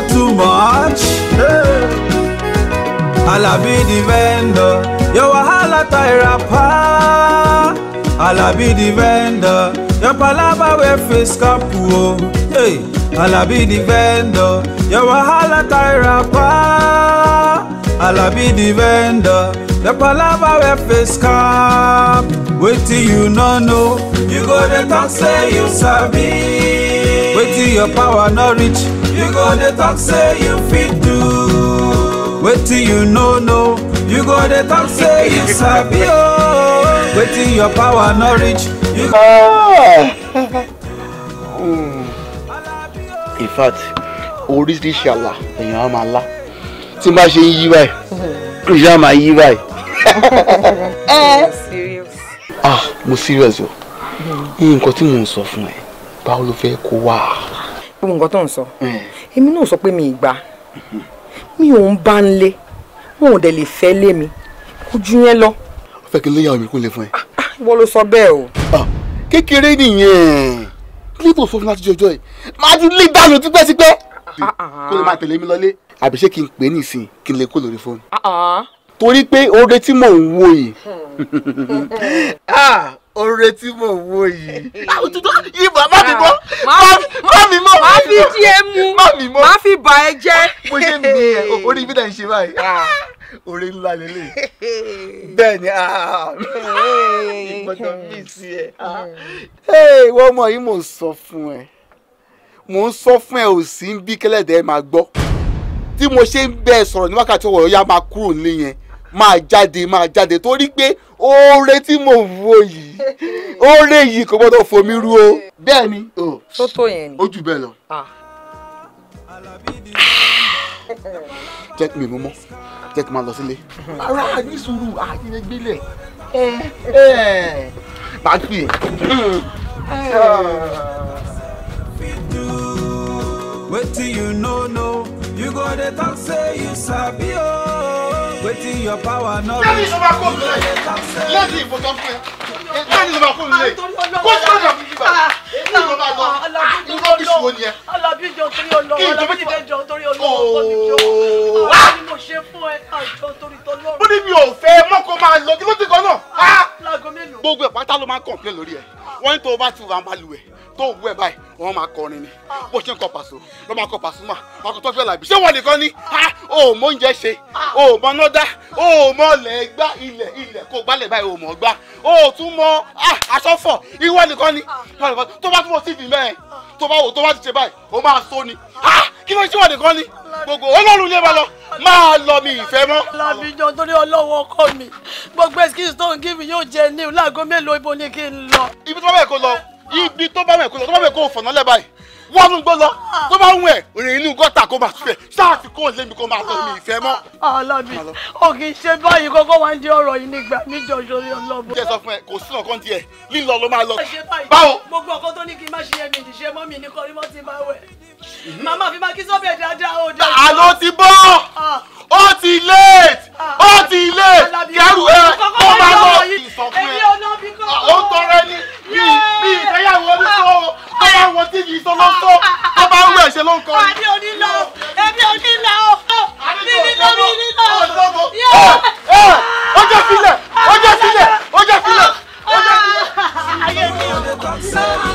not too much. be the vendor, your wahala tie rapper. be the vendor, your palava wey face cap. o. Oh. Hey, be the vendor, your wahala tie rapper. be the vendor, your palava wey face cap. Wait till you no know, you go dey talk say you sabi wetin your power no reach you go dey talk say you fit do wetin you no know you go dey talk say you sabi ooo oh. wetin your power no reach you go. in fact oríṣiríṣi àlà èèyàn á máa lá tí n bá ṣe ń yí báyìí n máa yí báyìí. Eh. ah mo serious o nǹkan tí mo ń sọ fún ẹ báwo ló fẹ́ kó wà. gbogbo nǹkan tó ń sọ èmi náà sọ pé mi ì gbà mi ò ń bá ń lé wọn ò dẹ̀ lè fẹ́ lé mi kó ju yẹn lọ. ó fẹ́ kí n léyàwó mi kó fún ẹ. Ah, ah, ìwọ ló sọ bẹ́ẹ̀ o. Ah, kékeré nìyẹn kílí tó sọ fún láti jọjọ yìí máa ti lé dànù tipẹ́tipẹ́ kó lè máa tẹ̀lé mi lọlé àbí ṣé kí n pè é nìsín kí n lè kó lórí fóònù. torí pé oore tí mò ń wo yìí hmm. oore tí mò ń wò yìí. àwùjọ ibà má mi mọ́ má mi mọ́ má fi jí ẹ mú má fi bà ẹ jẹ́. mo ṣe ń bí ẹ orí bí náà ń ṣe báyìí ah. orí ńlá lélẹ̀ bẹ́ẹ̀ ni ah. ìgbọ́dọ̀ mi sí ẹ. Ah. ìwọ ọmọ yìí mò ń sọ fún ẹ mò ń sọ fún ẹ ò sí ń bí kẹlẹ́dẹ̀ẹ́ máa gbọ́ tí mo ṣe ń bẹ́ẹ̀ sọ̀rọ̀ ní wákàtí ọ̀wọ̀ ya máa kúrò nílé yẹn máa jáde máa jáde torí pé oore tí mo wo yìí oore yìí kò gbọdọ̀ fomi ru o. bẹ́ẹ̀ ni tó tó yẹn ni ó jù bẹ́ẹ̀ lọ. Ah. Ah. jẹ́ kí mi mú mọ́ jẹ́ kí n máa lọ sílé. ara ní sùúrù àtìlẹ́gbẹ́lẹ̀ bá a pè é. Wetin you no know, you go dey talk say you sabi ooo. Oh wetin your power no reach. lẹ́yìn ìjọba kò lè lẹ́yìn ìbò tó ń lẹ́yìn ìjọba kò lè kó tó lọ bí ọlọ́bíjọ ah, torí olówó ọlọ́bíjọ torí olówó ọlọ́bíjọ ni mo ṣe fún ẹ àjọ torí tọ́lọ́run. bó ní mi ò fẹ́ mọ́kọ́ máa lọ kí ló ti gan náà. láago mélòó. gbogbo ẹ̀ pátá ló máa ń kọ̀ǹpilẹ̀ lórí ẹ̀ ah. wọ́n ní tó o bá ti wà máa lù ẹ̀ tó o wú ẹ̀ báyìí wọ́n máa kọrin ni ah. bó ṣe ń kọ pàṣọ ló máa kọ pàṣọ mà máa kọ tọ́fẹ́ làbí ṣé wọ́n nìkan ni o ò mọ oúnjẹ ṣe o ò mọ nọ́dá o ò mọ lẹ̀ gbá ilẹ̀ ilẹ̀ kó gbálẹ̀ báyìí o ò mọ̀ gbá o ò tún mọ aṣọ fọ̀ ìwọ nìkan ni tó tó bá tún wọ sífì mẹ́ẹ̀ tó bá wò tó bá ti ṣe báyìí ó máa sọ ni kí ló ń ṣèwádìí kan ni gbogbo ọlọ́run ní ẹ lọ máa lọ mi ìfẹ́ mọ́. làbíjọ torí ọlọ́wọ́ ọkọ mi gbogbo excuse tó ń gí mi yóò jẹ ní láago mélòó ibo ni kí n lọ. ibi tó bá bẹ̀ kó lọ ibi tó bá bẹ̀ kó lọ tó bá bẹ̀ kó fọ̀nà lẹ́ báyìí wọ́n mú gbọ́dọ̀ ah. tó bá wù ẹ̀ rìn inú gọ́tà kó máa fẹ̀ ṣáà fi kó lémi kó máa tọ́ mi ìfẹ́ mọ́. ọlọ́bi ah, ah, o kì í ṣe báyìí kókó wá ń di ọ̀rọ̀ yìí nígbà níjọ ìṣòro ọlọ́bù. jẹ́ sọ fún ẹ kò sí ọ̀kan tiẹ̀ lílọ ló máa lọ. báwo. gbogbo ọkọ tó ní kí n má ṣe ẹ̀mí ìdíṣẹ́ mọ́ mi ní kọrí mọ́ ti máa wẹ̀. màmá fi máa kí sọ́bẹ̀ dáadáa ó dáa. àlọ́ ti bọ́ ó ti late ó ti late kẹrù ẹ ó máa lọ ìsọfún ẹ ah, ó tọrẹ ní bí bí ìfẹyàwó ní tó ah, tó bá wọ tí kì í sọ ló ń tó tó bá ah, wù ẹ ṣe ló ń kọ. àbí onílà o ẹbí onílà o bí nílò bí nílò o. ó jẹ́ sílẹ̀ ó jẹ́ sílẹ̀ ó jẹ́ sílẹ̀ ó jẹ́ sílẹ̀.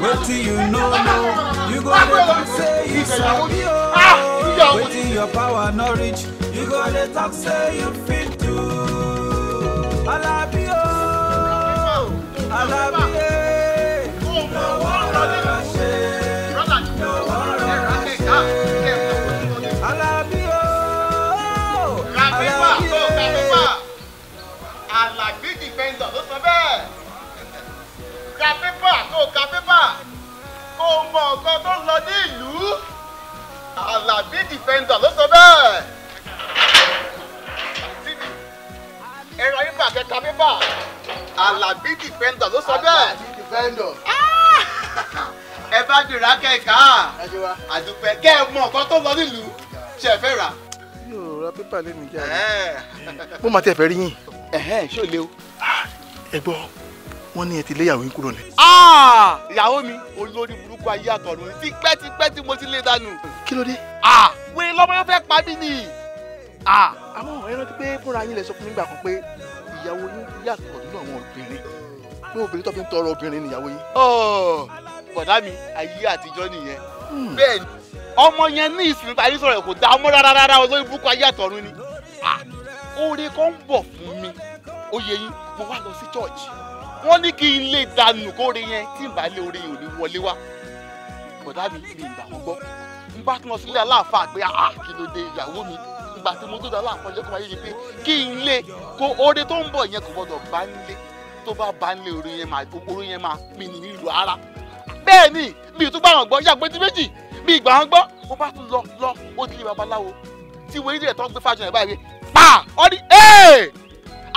Wetin you no know, you go dey come say you sabi o wetin your power no reach you go dey talk say you fit do alabi o alabi e no wan rush e no wan rush e alabi o alabi e. alabi dìfẹ́ndọ̀ ló sọ bẹ́ẹ̀ ka pépà kó ka pépà kó mọ nǹkan tó ń lọ ní ìlú. Àlàbí defender ló sọ bẹ́ẹ̀. Tíbi ẹ̀rọ ayípa kẹta pépà Àlàbí defender ló sọ bẹ́ẹ̀. Àlàbí defender. Ah! Ẹ bá dìrà kẹ̀kà àdúpẹ́ kẹ́ ẹ mọ nǹkan tó lọ nílùú ṣe é fẹ́ rà. Mi ò ra pépà lẹ́nu ìjà rẹ̀. Mo máa tẹ̀ fẹ́ rí yín. Ṣé o lè o? Ah, ẹ gbọ́, wọ́n ní ẹ ti léyàwó yín kúrò lẹ̀. Ah! Ìyàwó mi olórí burú kú ayé àtọ̀run ní tipẹ́tipẹ́ tí mo ti lé dànù. kí ló dé. à wé lọ́mọ yóò fẹ́ pa mí nì. à àmọ́ ẹ rántí pé fúnra yín lè sọ fún mi gbà kan pé ìyàwó yín yàtọ̀ nínú àwọn obìnrin pé obìnrin tó fi ń tọrọ obìnrin nìyàwó yín. bọ̀dá mi ayé àtijọ́ nìyẹn. Hmm. bẹ́ẹ̀ ọmọ yẹn ní ìsinmi parí sọ̀rọ̀ kò dá ọmọ rárá rárá ọjọ́ ìbúkọ ayé àtọ̀run ni. oore kan ń bọ̀ fún mi oyè yín mo wá lọ sí church wọ́n ní kí n lè dànù kóore yẹn tí n bá lé oore yìí ò ní wọlé wá bọ̀dá mi lè gbà wọ́n gbọ́ nígbà tí mo sọ pé aláàfà pé àá kí ló dé ìyàwó mi nígbà tí mo dọ̀dọ̀ aláàfà yẹ kó máa yé ni pé kí n lé kó oore tó ń bọ̀ yẹn kò gbọdọ̀ bá ń lé tó bá bá ń lé oore yẹn máa oore yẹn máa pin ní ìlú ara bẹ́ẹ̀ ni bí ìtúgbà hàn gbọ́ yàgbé tí méjì bí ìgbà hàn gbọ́ mo bá tún lọ lọ ó ti lé babaláwo tí wọ́n ilé ẹ̀ tó ń gbé fájọ ẹ̀ báyìí pa ọ́ ní ẹ́ẹ̀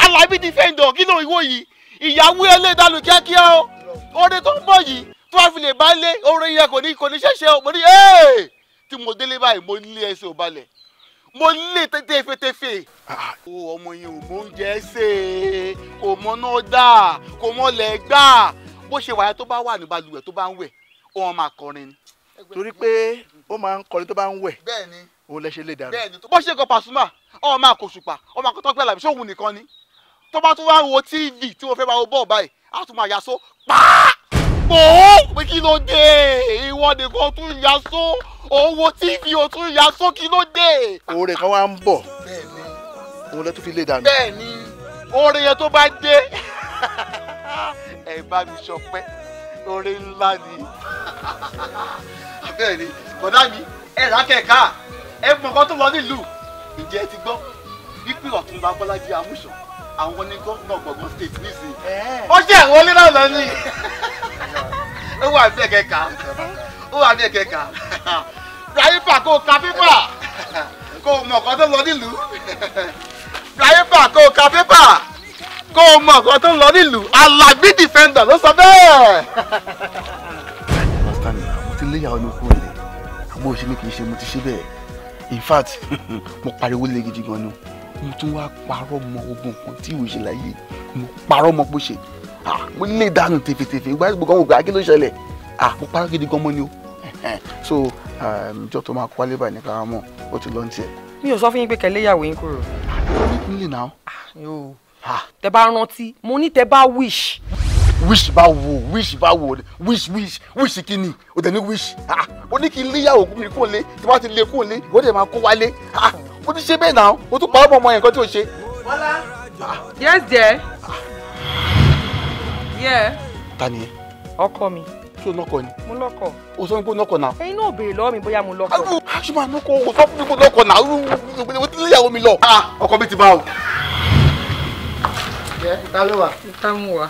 alábí ti fẹ́ǹdọ̀ kí ló ìwọ yìí ìyàwó ẹlẹ́dàlù kíákíá o oore tó ń bọ̀ yìí tó bá fi lè bá lé orin yẹn kò ní kò ní ṣẹ̀ṣẹ̀ mo ní ee tí mo délé báyìí mo ní ẹsẹ̀ ò balẹ̀ mo lè tẹ́tẹ́fẹ́tẹ́fẹ́. Ah, o ọmọ yẹn ò mọ oúnjẹ ṣe kò mọ náà dà kò mọ lẹ̀ gbà bó ṣe wáyé tó bá wà ní balùwẹ̀ tó bá ń wẹ̀ ó wọn máa kọrin ni. torí pé ó máa ń kọrin tó bá ń wẹ̀ òun lẹ ṣe lè dàrú. bó ṣe kọ Pasuma ọ máa kò ṣùpà ọ máa kó tọ́pẹ́ làbí ṣóhun nìkan ni tó bá tún wá wo tv tí mo fẹ́ máa wo bọ́ọ̀ báyìí á tún máa yasó pàá pò ó pé kí ló dé ìwọ nìkan tún ya só owó tv o tún ya só kí ló dé. oore kan wá ń bọ̀ òun lẹ́tọ́ fi lè dànù. bẹ́ẹ̀ni oore yẹn tó bá dé ẹ bá mi ṣọpẹ́ oore ńlá ni bẹ́ẹ̀ni bọ̀dá mi ẹ rà kẹ̀kẹ́ ẹ mọ̀ nǹkan tó lọ nílùú ìjẹ́ ti gbọ́ wípé ọ̀tún bá bọ́lá di amúṣan àwọn ní gómìnà gbọ̀ngàn state nísìnyí. ó ṣe àwọn onílà lọ ní. ó wà bí ẹ̀kẹ́ ká ó wà bí ẹ̀kẹ́ ká flypaper kò ka pépà kò mọ̀ nǹkan tó lọ nílùú flypaper kò ka pépà kò mọ̀ nǹkan tó lọ nílùú Alábí defender ló sọ bẹ́ẹ̀. pásítà ni mo ti léyàwó mi kúrò lẹ àbó òṣèlú kì í ṣe mo ti ṣe bẹ́ẹ̀ in fact mo pariwo lé gidi gan ni mo tún wá parọ́ mọ ogun kan tí ò ṣe láyé mo parọ́ mọ bó ṣe mo lè dànù tèfètèfè gbá gbogbo àwọn ògbà ló ṣẹlẹ̀ mo parọ́ gidi gan mọ́ ni o so um, ìjọ tó máa kó wálé báyìí ní karamọ́ ó ti lọ ní tiẹ̀. mi ò sọ fún yín pé kẹlẹ́ ìyàwó yín kúrò. nílẹ̀ náà. tẹ bá rántí mo ní tẹ bá wish wish bá wo wish bá wo wish wish wish kí ni o tẹ̀ ní wish ó ní kí n léyàwó mi kó lé tí wọ́n ti lé e kó lé ìwọ́n dẹ̀ máa kó wálé mo ti ṣe bẹ́ẹ̀ náà mo tún pa ọmọ ọmọ yẹn nǹkan tí o ṣe. bọ́lá. yes dear. yeah. ta ni ẹ. ọkọ mi. ṣé o lọkọ ni. mo lọkọ. o sọ pé o lọkọ náà. ẹyin náà béèrè lọ́wọ́ mi bóyá mo lọkọ. ayiwo aṣọ máa o sọ fún mi pé o lọkọ náà o ti léyàwó mi lọ. Ah, ọkọ mi ti bá o. jẹ́ ìta ló wà. ìta mú wa.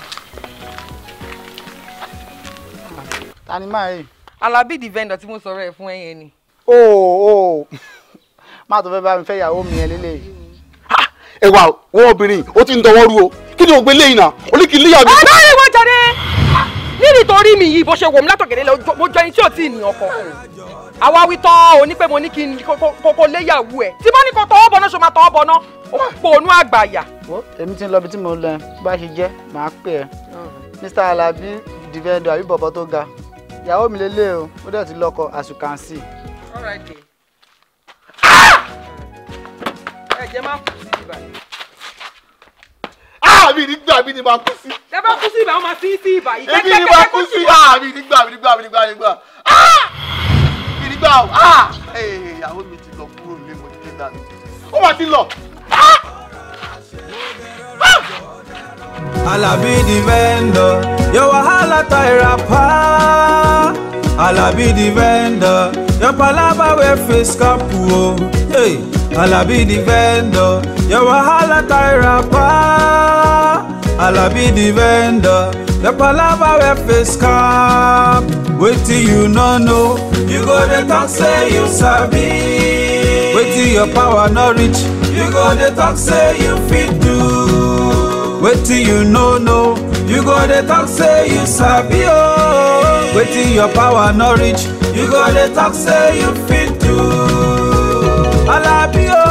ta ni máa yẹ. Alábí the vendor tí mo sọ̀rọ̀ ẹ̀ fún ẹ̀yẹn ni. ooo. Oh, oh má tó fẹ́ bá mi fẹ́ ìyàwó mi yẹn lélẹ̀ yìí. ẹ obìnrin ó ti ń dọwọ́ rú o kí ni ògbé léyìn náà oníkì líyà mi. ọ̀dọ́ ìwọ jáde nínú ìtorí mi yìí bó ṣe wò mí látọ̀gẹ̀dẹ̀ lọ mo jọ ẹni tí ò tí ì nìyàn kọ àwa wí tọ́ ọ ní pé mo ní kí n kókó léyàwó ẹ̀ tí bá ní kó tọwọ́ bọ̀ náà ṣe máa tọwọ́ bọ̀ náà ó pòónú àgbàyà. èmi ti ń lọ ibi tí mo lọ bá ṣe jẹ́ màá pè ẹ́ Mr. Alabi divendo àbí bọ̀bọ̀ tó ga ìyàwó mi lélẹ̀ o ó dẹ̀ ti lọ́kọ as you can see. all bàjẹ́ má kú sí ibà. àmì ah, nígbà mi ni màá kú sí. ẹ bá kú sí ibà máa sí sí ibà èmi ni màá kú sí àmì nígbà mi nígbà mi nígbà mi nígbà mi nígbà ah! o ah! eh, ìyàwó mi ti lọ kúrò nílé mo ti dé mi ó wà ti lọ. Alabi vendor, your wahala tie rapper be the vendor, your palava wey face kapu o. Oh. Hey, be the vendor, your wahala tie wrapper. be the vendor, your palava wey face cap. Wetin you no know, you go dey talk say you sabi. Wetin your power no reach, you go dey talk say you fit do. Wetin you no know, you go dey talk say you sabi o. Oh wetin your power no reach you go dey talk say you fit do alabi o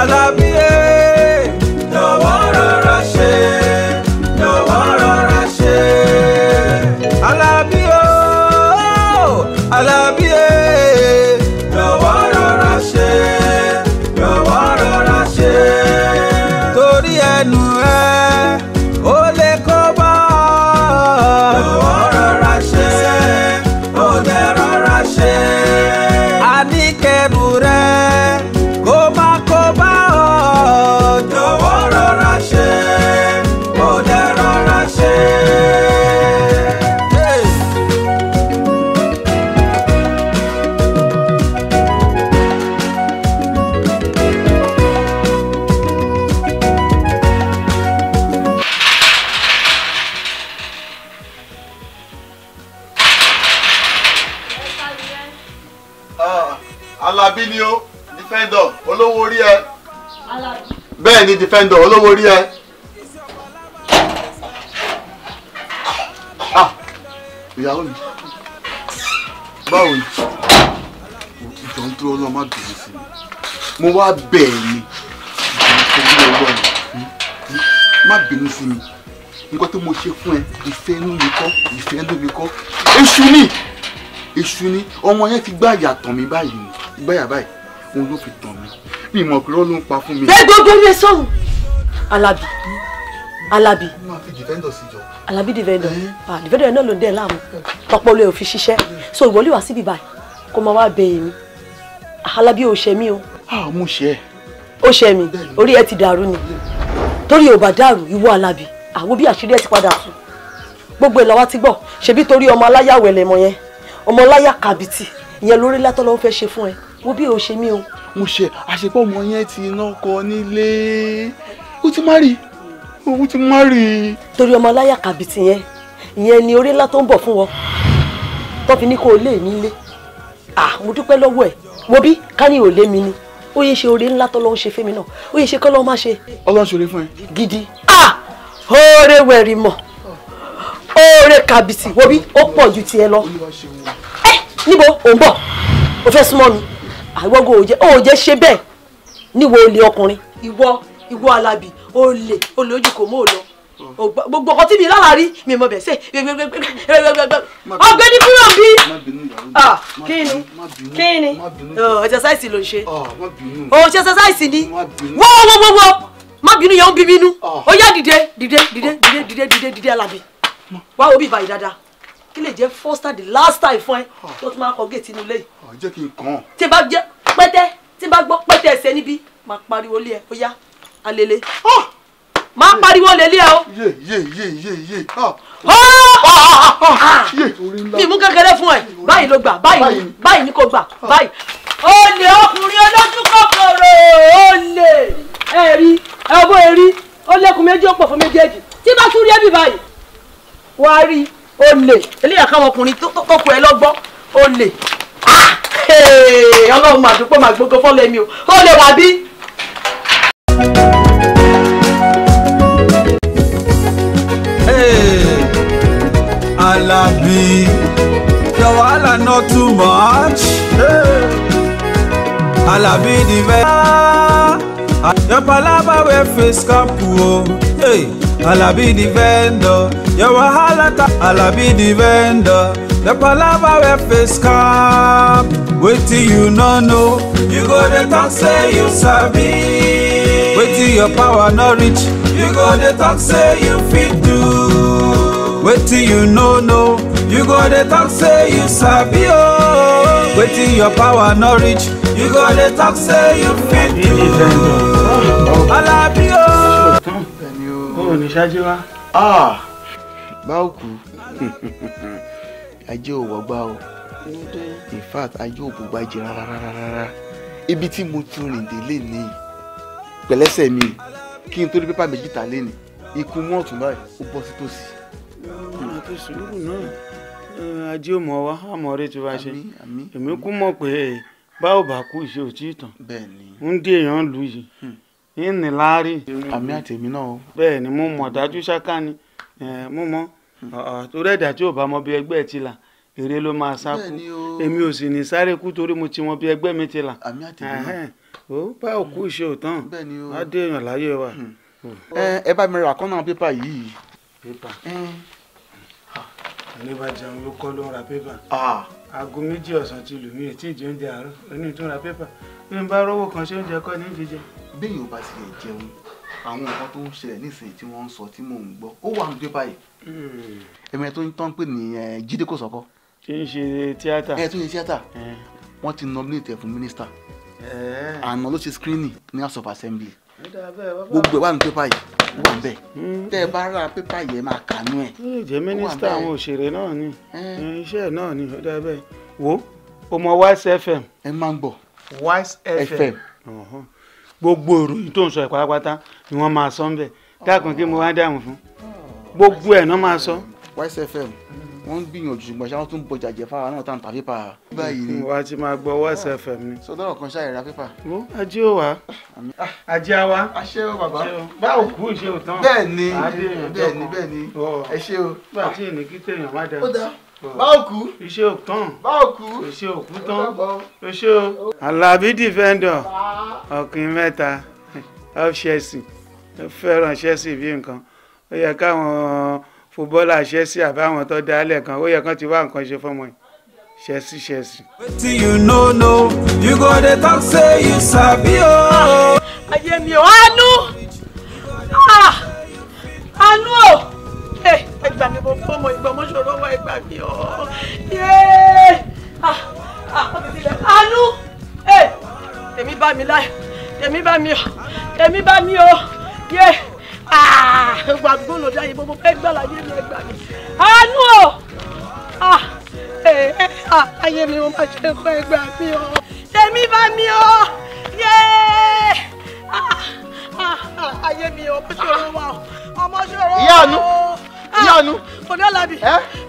alabi e lọ́wọ́ rọra ṣe lọ́wọ́ rọra ṣe alabi o alabi e. defender olówó rí ẹ. Ah, ìyàwó mi báwo ni ìjọ ń dúró náà má dùn sí mi mo wá bẹ̀ ẹ́ ni ìjọ ń dúró náà hmm? hmm? má bínú sí mi nǹkan tí mo ṣe fún ẹ ìfẹ́ inú mi kọ́ ìfẹ́ inú mi kọ́ èṣù ni èṣù ni ọmọ yẹn ti gbá ìyà tàn mí báyìí gbá ìyà báyìí òun ló fi tàn mí mi mọ̀ pé ó ló ń pa fún mi. ẹ gbogbo ẹ sọ̀rọ̀ Alábí Alábí. máa fi dìfẹ́ndọ̀ sí jọ. Alábí dìfẹ́ndọ̀ eh? ah, dìfẹ́ndọ̀ yẹn náà ló ń dẹ́ láàmú ọpọlọ ẹ ò fi ṣiṣẹ́ so ìwọlé wá síbi báyìí kó máa wá bẹ èmi ah, Alábí ò ṣe mí o. a ah, mú ṣe ẹ. ó ṣe mi orí ẹ ti dàrú ni torí ò bá dàrú ìwọ Alábí àwọn bí àṣírí ẹ ti padà tù gbogbo ìlà wa ti gbọ́ ṣebí torí ọmọ aláyàwẹlẹmọ yẹn ọmọ aláyà kàbìtì ìyẹn lórí látọ́ lọ́wọ́ fẹ́ ṣe fún ẹ wo bí o ṣe mí o. mo ṣe àṣepọ̀ ọmọ yẹn ti iná kọ nílé ó ti má rí ó ti má rí. torí ọmọ láyà kàbìtì yẹn ìyẹn ni orí ńlá tó ń bọ̀ fún wọn tó fi ní kó o lé mi lé ah mo dúpẹ́ lọ́wọ́ ẹ̀ wo bí kání ò lé mi ni ó yẹ ṣe oore ńlá tọ́lọ́ ń ṣe fẹ́mi náà ó yẹ ṣe kọ́ lọ́ọ́ má ṣe. ọlọ́run ṣòro fún ẹ. gidi ah oore wẹ̀rì mọ̀ oore kàbìtì wo bí ó pọ̀ ju tiẹ̀ lọ ẹ níbo ò ń bọ̀ o fẹ́ súnmọ́ mi àìwọ́gò òòjẹ́ ṣe bẹ́ẹ̀ níwọ̀ olè ọkùnrin. ìwọ ìwọ alábì olè olè ojú kò mú hmm. òlò gbogbo ọkọ tí mi lára rí mi mọ bẹ̀ sẹ́ ọgbẹ́ni kúrò bí kíni kíni ẹ̀sẹ̀sáìsì ló ń ṣe òòṣẹ́ ẹ̀sẹ̀sáìsì ni wọ́wọ́wọ́wọ́ má bínú yẹn ń bí bínú ó yá dìde dìde dìde dìde dìde dìde dìde alábì wá wo bí ìbàyí dáadáa kí lè jẹ́ first and the last time fún ẹ tó tún máa kọ géètì inú ilé jẹ́ kí n kàn. tí n bá jẹ́ pẹ́tẹ́ tí n bá gbọ́ pẹ́tẹ́ ẹsẹ̀ níbí máa pariwo lé ẹ ó yá alele. máa pariwo lé lé ẹ o. yé yé yé yé yé. Ah! mímú kékeré fún ẹ báyìí ló gbà báyìí báyìí ni kò gbà báyìí. olè ọkùnrin olójú kòkòrò olè ẹ rí ẹ bó ẹ rí ó lẹkùn méjì ó pọ̀ fún méjèèjì tí bá tún rí ẹbí báyìí wàá rí olè eléyà káwọn ọkùnrin tó kọ ẹ lọ́gbọ́n olè ọlọ́run mà dúpọ̀ mà gbogbo fọ́lọ́ ẹ̀mí o ó lè wà bí. Alabi, your wahala not too much. Hey. Alabi the best. Your palava wey face cap, oh, Hey, I'll be the vendor. Your wahala I'll be the vendor. The palava wey face cap. Wait till you no know, you go dey talk say you sabi. till your power no reach, you go dey talk say you fit do. till you no know, you go dey talk say you sabi Oh wetin your power no reach you go dey talk say you fit do alabi o. báwo ni ṣáájú wa. Ah! báwo kú ajé ò wọgbà o in fact ajé ò bùgbà jẹ rárá ibi tí mo tún rìn délé ni pẹ̀lẹ́sẹ̀ mi kí n tó rí pépà méjì ta lé ni ikú mọ́ọ̀tún báyìí ó bọ́ sí tòsí. ọ̀nà àti sùúrù náà. Eh, ajé ò mọ̀ wá àmọ̀rẹ́ tí wàá ṣe èmi kú mọ̀ pé eh, bá ò bá kú ìṣe ò tí ì tàn ń dé èèyàn lù yìí hmm. ń ní láárí. àmì àtẹ̀mí náà. bẹ́ẹ̀ ni mo mọ̀ dájú ṣáká ni eh, mo mọ̀ hmm. torí ẹ̀dá tí ò bá mọ bí ẹgbẹ́ ti là èrè ló máa sá kú èmi ò sì ní sáré kú torí mo ti wọn bí ẹgbẹ́ mi ti là. àmì àtẹ̀mí náà. ó bá kú ìṣe ò tán á dé èèyàn láyé wa. Hmm. ẹ bá mi rà kọ́nà pépà yìí. pépà níbà jẹun ló kọ́ ló ń ra pépà. aago méjì ọ̀sán ti lù mí ètí ìjẹ oúnjẹ àárọ̀ oní tó ń ra pépà bí n bá rówó kan ṣe oúnjẹ kọ́ ní jíjẹ. bí yóò bá tilẹ̀ jẹun àwọn nǹkan tó ń ṣẹlẹ̀ nísìnyí tí wọ́n ń sọ tí mò ń gbọ́ ó wà ní pépà yìí. Hmm. ẹ̀mẹ̀ tó ń tán pè ní Jídé Kòsọ́kọ́. ṣé ń ṣe tíátà. ẹ tún ṣe tíátà eh. wọ́n ti nominate fún mínísítà eh. àná ló ṣe screening ní House of Assembly gbogbo ẹ̀ ní pépà yìí wà ń bẹ̀ tẹ́ bá ra pépà yìí ẹ máa kànú ẹ̀. ó lè jẹ́ mínísítà àwọn òṣèré náà ni iṣẹ́ náà ni ó dáa wo o mọ wise fm. ẹ máa ń gbọ́. wise fm. gbogbo ìròyìn tó ń sọ ìpárápátá ni wọ́n máa sọ ń bẹ̀ dákun kí mo wá dààmú fún oh. gbogbo ẹ̀ náà máa sọ. wise fm. Mm -hmm wọ́n ń gbìyànjú ṣùgbọ́n ṣáà wọ́n tún bọjà jẹ fáwa náà tá à ń ta pépà. báyìí ni wàá ti máa gbọ́ wọ́ọ̀sì fm ni. sọdọ́rọ̀ kan ṣáà ìra pépà. wo ajé ò wá. Ah, ajé á wá. a ṣe o bàbá. báwo kú ìṣe ò tán. bẹ́ẹ̀ ni bẹ́ẹ̀ ni bẹ́ẹ̀ ni ẹ ṣe o. bá a ti ní kí téèyàn má dáa. ó dáa báwo kú. iṣẹ́ ò tán. báwo kú. iṣẹ́ ò kú tán. iṣẹ́ o. alábí dìfẹ́ndọ̀ ọkùnrin mẹ́ta of Chelsea fẹ́ràn Chelsea bí nǹkan ó yẹ káwọn footballer Chelsea àbáwọn tó dálẹ̀ kan ó yẹ kán ti wá nǹkan ṣe fọmọ yìí Chelsea Chelsea. wetin you no know you go dey talk say you sabi o. ayé mi ò àánú àánú ah, o eh, ẹgbà mi mo fọmọ ìgbà mo ṣòro wá ẹgbà mi o àánú ah, ah, tèmi eh, bá mi láì tèmi bá mi o tèmi bá mi o yé. Yeah wà gbọ́dọ̀ dáyé bó mo fẹ́ gbàlà yé mi ẹgbà mi. àánú o ayé mi mo máa ṣe kọ́ ẹgbà mi o tèmi bá mi o yéé ayé mi o bó ṣe rọ wa o ọmọ ṣe rọ wa o yanu. Bọ̀dọ́làbí.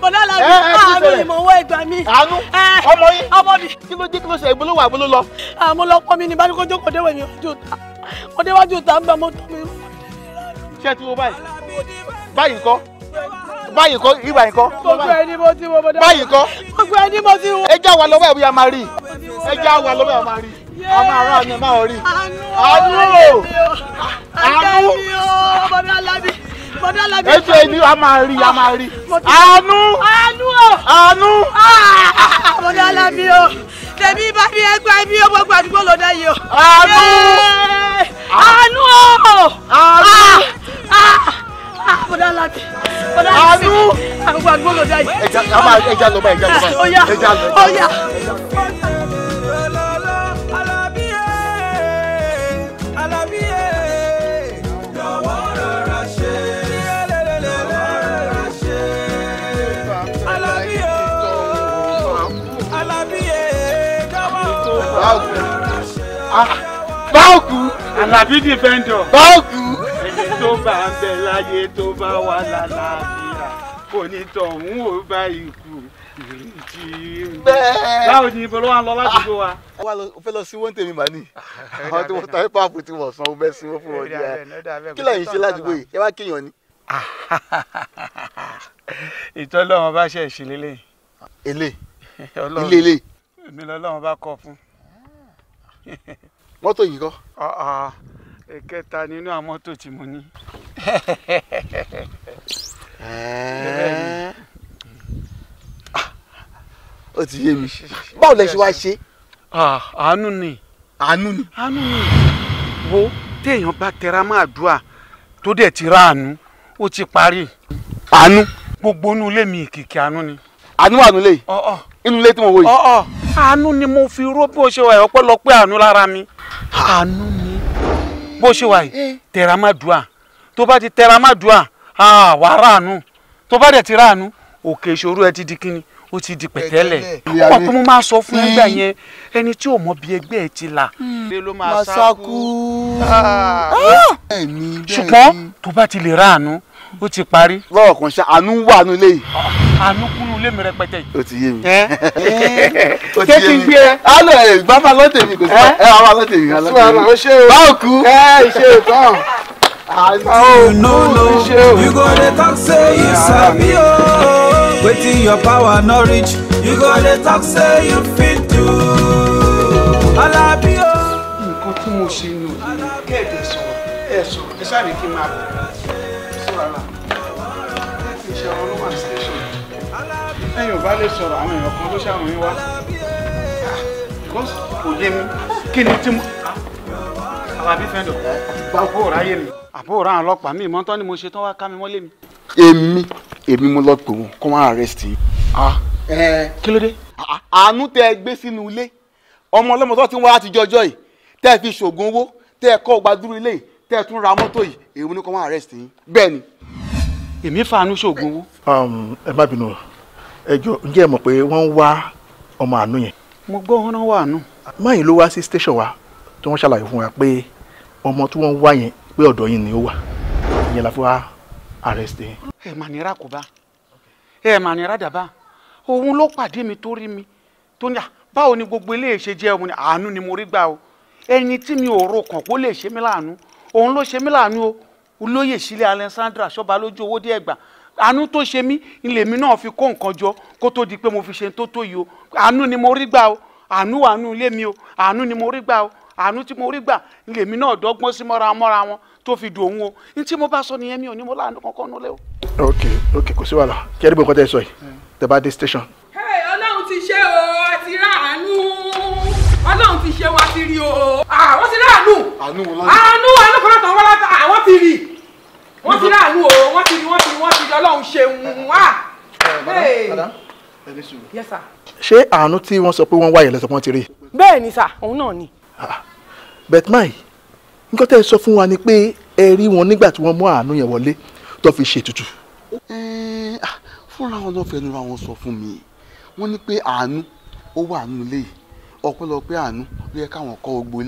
Bọ̀dọ́làbí. Àánú ìmọ̀ owó ẹgbàá mi. Àánú. Ọmọ yín. Ọmọ mi. Kí ló dé kí ló ṣe ìbúlò wà ìbúlò lọ? Àmọ́ lọ pọ́n mi ní bájú kó jókòó déwèé mi ojú ta. Mo déwájú ta ń bá mọ́tò mi ṣé ti wo báyìí báyìí kọ́ báyìí kọ́ ìgbà yìí kọ́ gbogbo ẹni mo ti wo mo dá báyìí kọ́ gbogbo ẹni mo ti wo. ẹ já wa lọ́wọ́ ẹ̀ bóyá máa rí ẹ já wa lọ́wọ́ ẹ̀ máa rí ọmọ ara mi máa rí àánú o àánú ètò ẹni a máa rí a máa rí àánú àánú o àánú. Ah! mo dá o tẹ̀mí bá mi ẹgbẹ́ mi ó gbogbo àdúgbò ló dá o. àánú ah! àánú o àánú ah! ah! bọ́dá láti bọ́dá láti àánú àgbogbo àdúgbò ló dá yìí. ẹja lọ báyìí ẹja lọ báyìí ẹja lọ báyìí ẹja lọ báyìí. báòkù. àlàbí dìfẹ́ndọ̀. báòkù. ẹni tó bá ń bẹ láyé tó bá wà lálàáfíà kò ní tọ̀hún ò bá ikú ìrìntì. bẹ́ẹ̀. báwo ni ibo ló wà lọ láti gbó wa. wà á fẹ́ lọ sí wọ́n tèmi màá nì. àwọn tí wọ́n ta ẹ́ pààpù tí wọ́n san owó bẹ́ẹ̀ sí wọ́n fún wọn ní ẹ. kí lẹ́yìn ṣe ládùúgbò yìí ẹ wá kéèyàn ni. ìtọ́lọ́wọ́n bá ṣe ìṣìlélẹ̀. ele ilele. èmi lọ́lọ́wọ́n bá kọ fún mọ́tò yìí kọ́. ìkẹta nínú àwọn mọ́tò tí mo ní. ó ti yé mi báwo lẹ ṣe wá ṣe. àánú ni. àánú ni. àánú ni wo téèyàn bá tẹra máa dùn à tó dẹ̀ ti ra àánú ó ti parí. àánú. gbogbo inú ilé mi kìkì àánú ni. àánú wà nílé yìí inú ilé tí mo wò yìí àánú ni mo fi ró bó ṣe wà yìí ọpẹ́lọpẹ́ àánú lára mi àánú ni bó ṣe wà yìí eh. tẹra má dùà tó bá ti tẹra má dùà wà á ràánú tó bá dẹ̀ ti ràánú òkè ìṣòro ẹ ti di kíni ó ti di pẹ̀tẹ́lẹ̀ ọ̀pọ̀ tó mo máa sọ fún ẹgbẹ́ hmm. yẹn ẹni tí ò mọ bí ẹgbẹ́ ẹ ti là. masaku hmm. ah. ah. ṣùgbọ́n tó bá ti lè ràánú ó ti parí. lọ́ọ̀kan ṣe àánú wà nílé yìí. Ah, àánú kú ilé mi rẹpẹtẹ. o ti yé mi. o ti yé mi alo ẹ gbàfà ah, eh, lọ́tẹ̀ mi kò sí ẹ àwọn lọ́tẹ̀ mi alọ́tẹ̀ mi. báwo kú. ẹ ṣe ìtàn. Ah, you no know, you go dey talk say you ah, sabi o. Oh. Wetin your power no reach, you go dey talk say you fit do. Alabi o. Oh. Nǹkan tí mo ṣe ni òní kẹ́ẹ̀dẹ̀ sọ̀rọ̀ ẹ̀ sọ̀rọ̀ ẹ̀ sáré kí n máa bọ̀ sọ̀rọ̀ àlà. Iṣẹ́ ẹ̀yin ò bá lè sọ̀rọ̀ àwọn èèyàn kan ló ṣàrùn yín wá because kò yé mi kí ni tí mo alábí ah, fẹ́ lọ gba àbúrò ráyè mi àbúrò ráhàn ọlọ́pàá mi ìmọ̀ ni mo ṣe tán wá ká mi mọ́lé mi. èmi èmi mo lọ pè wọn kó má arrest yìí. Ah, kí ló dé. àánú tẹ ẹ gbé sínú ilé ọmọ ọlọ́mọ tó ti ń wá láti jọjọ́ yìí tẹ́ ẹ fi ṣoògùn owó tẹ́ ẹ kọ́ ọgbà dúró ilé yìí tẹ́ ẹ tún ra mọ́tò yìí èmi ni kó má arrest yìí bẹ́ẹ̀ ni. èmi fa àánú ṣoògùn owó. Um, ẹ má bínú o ẹjọ ǹjẹ́ ẹ mọ̀ pé wọ́n ń wá ọmọ àánú yẹn. mo gbọ́ wọn náà wà nù. ló wá sí station wa tí wọ́n ṣàlàyé fún wa pé ọmọ tí wọ́n ń wá yẹn pé ọ̀dọ̀ yìí ni ó wà ìyẹn la fi wá arrest yẹn. ẹ mà ní rákòbá ẹ mà ní rádàbá òun ló pàdé mi tó rí mi tó ní à báwo ni gbogbo eléyìí ṣe jẹ́ òun àánú ni mo rí gbà o ẹni tí mi ò ro kàn kó lè ṣe mí láàánú òun ló ṣe mí láàánú o olóyè sílẹ̀ Alexandra ṣọba lójú owó díẹ̀ gbà àánú tó ṣe mí ilèmi náà fi kó nǹkan jọ kó tó di pé mo fi ṣe tó tó yìí o àánú ni mo rí gbà o àánú àánú ilé mi o àánú ni mo rí gbà o àánú tí mo rí gbà ilèmi náà dọ́gbọ́n sí mọ́ra mọ́ra wọn tó fi dòun o ní tí mo bá sọ nìyẹn mi ò ní mo láàánú kankan nulẹ̀ o. ok ok kò sí wàhálà kí ẹ dìbò nǹkan tẹ ẹ sọ yìí tẹ bá dé station. ẹ ọlọ́run ti ṣe o a ti rá àánú ọlọ́run ti ṣe wa ti rí o àwọn ah, ti rá àánú àánú wọ́n ti láàánú o wọ́n ti rí wọ́n ti rí wọ́n ti rí ọlọ́run ṣeun wá. Ah! Eh, ṣé àánú tí wọ́n sọ pé wọ́n wáyé lẹ́sọ̀ pọ́n ti rí. bẹ́ẹ̀ ni sà òun náà ni. Ah, betmai nǹkan tẹ́ ẹ sọ fún wa ni pé ẹ rí wọn nígbà tí wọ́n mú àánú yẹn wọlé tó fi ṣètùtù. Eh, ah, fúnra wọn ló fẹnu ra wọn sọ fún mi wọ́n ní pé àánú ó wà nínú ilé àánú ló yẹ káwọn kọ́ gbogbo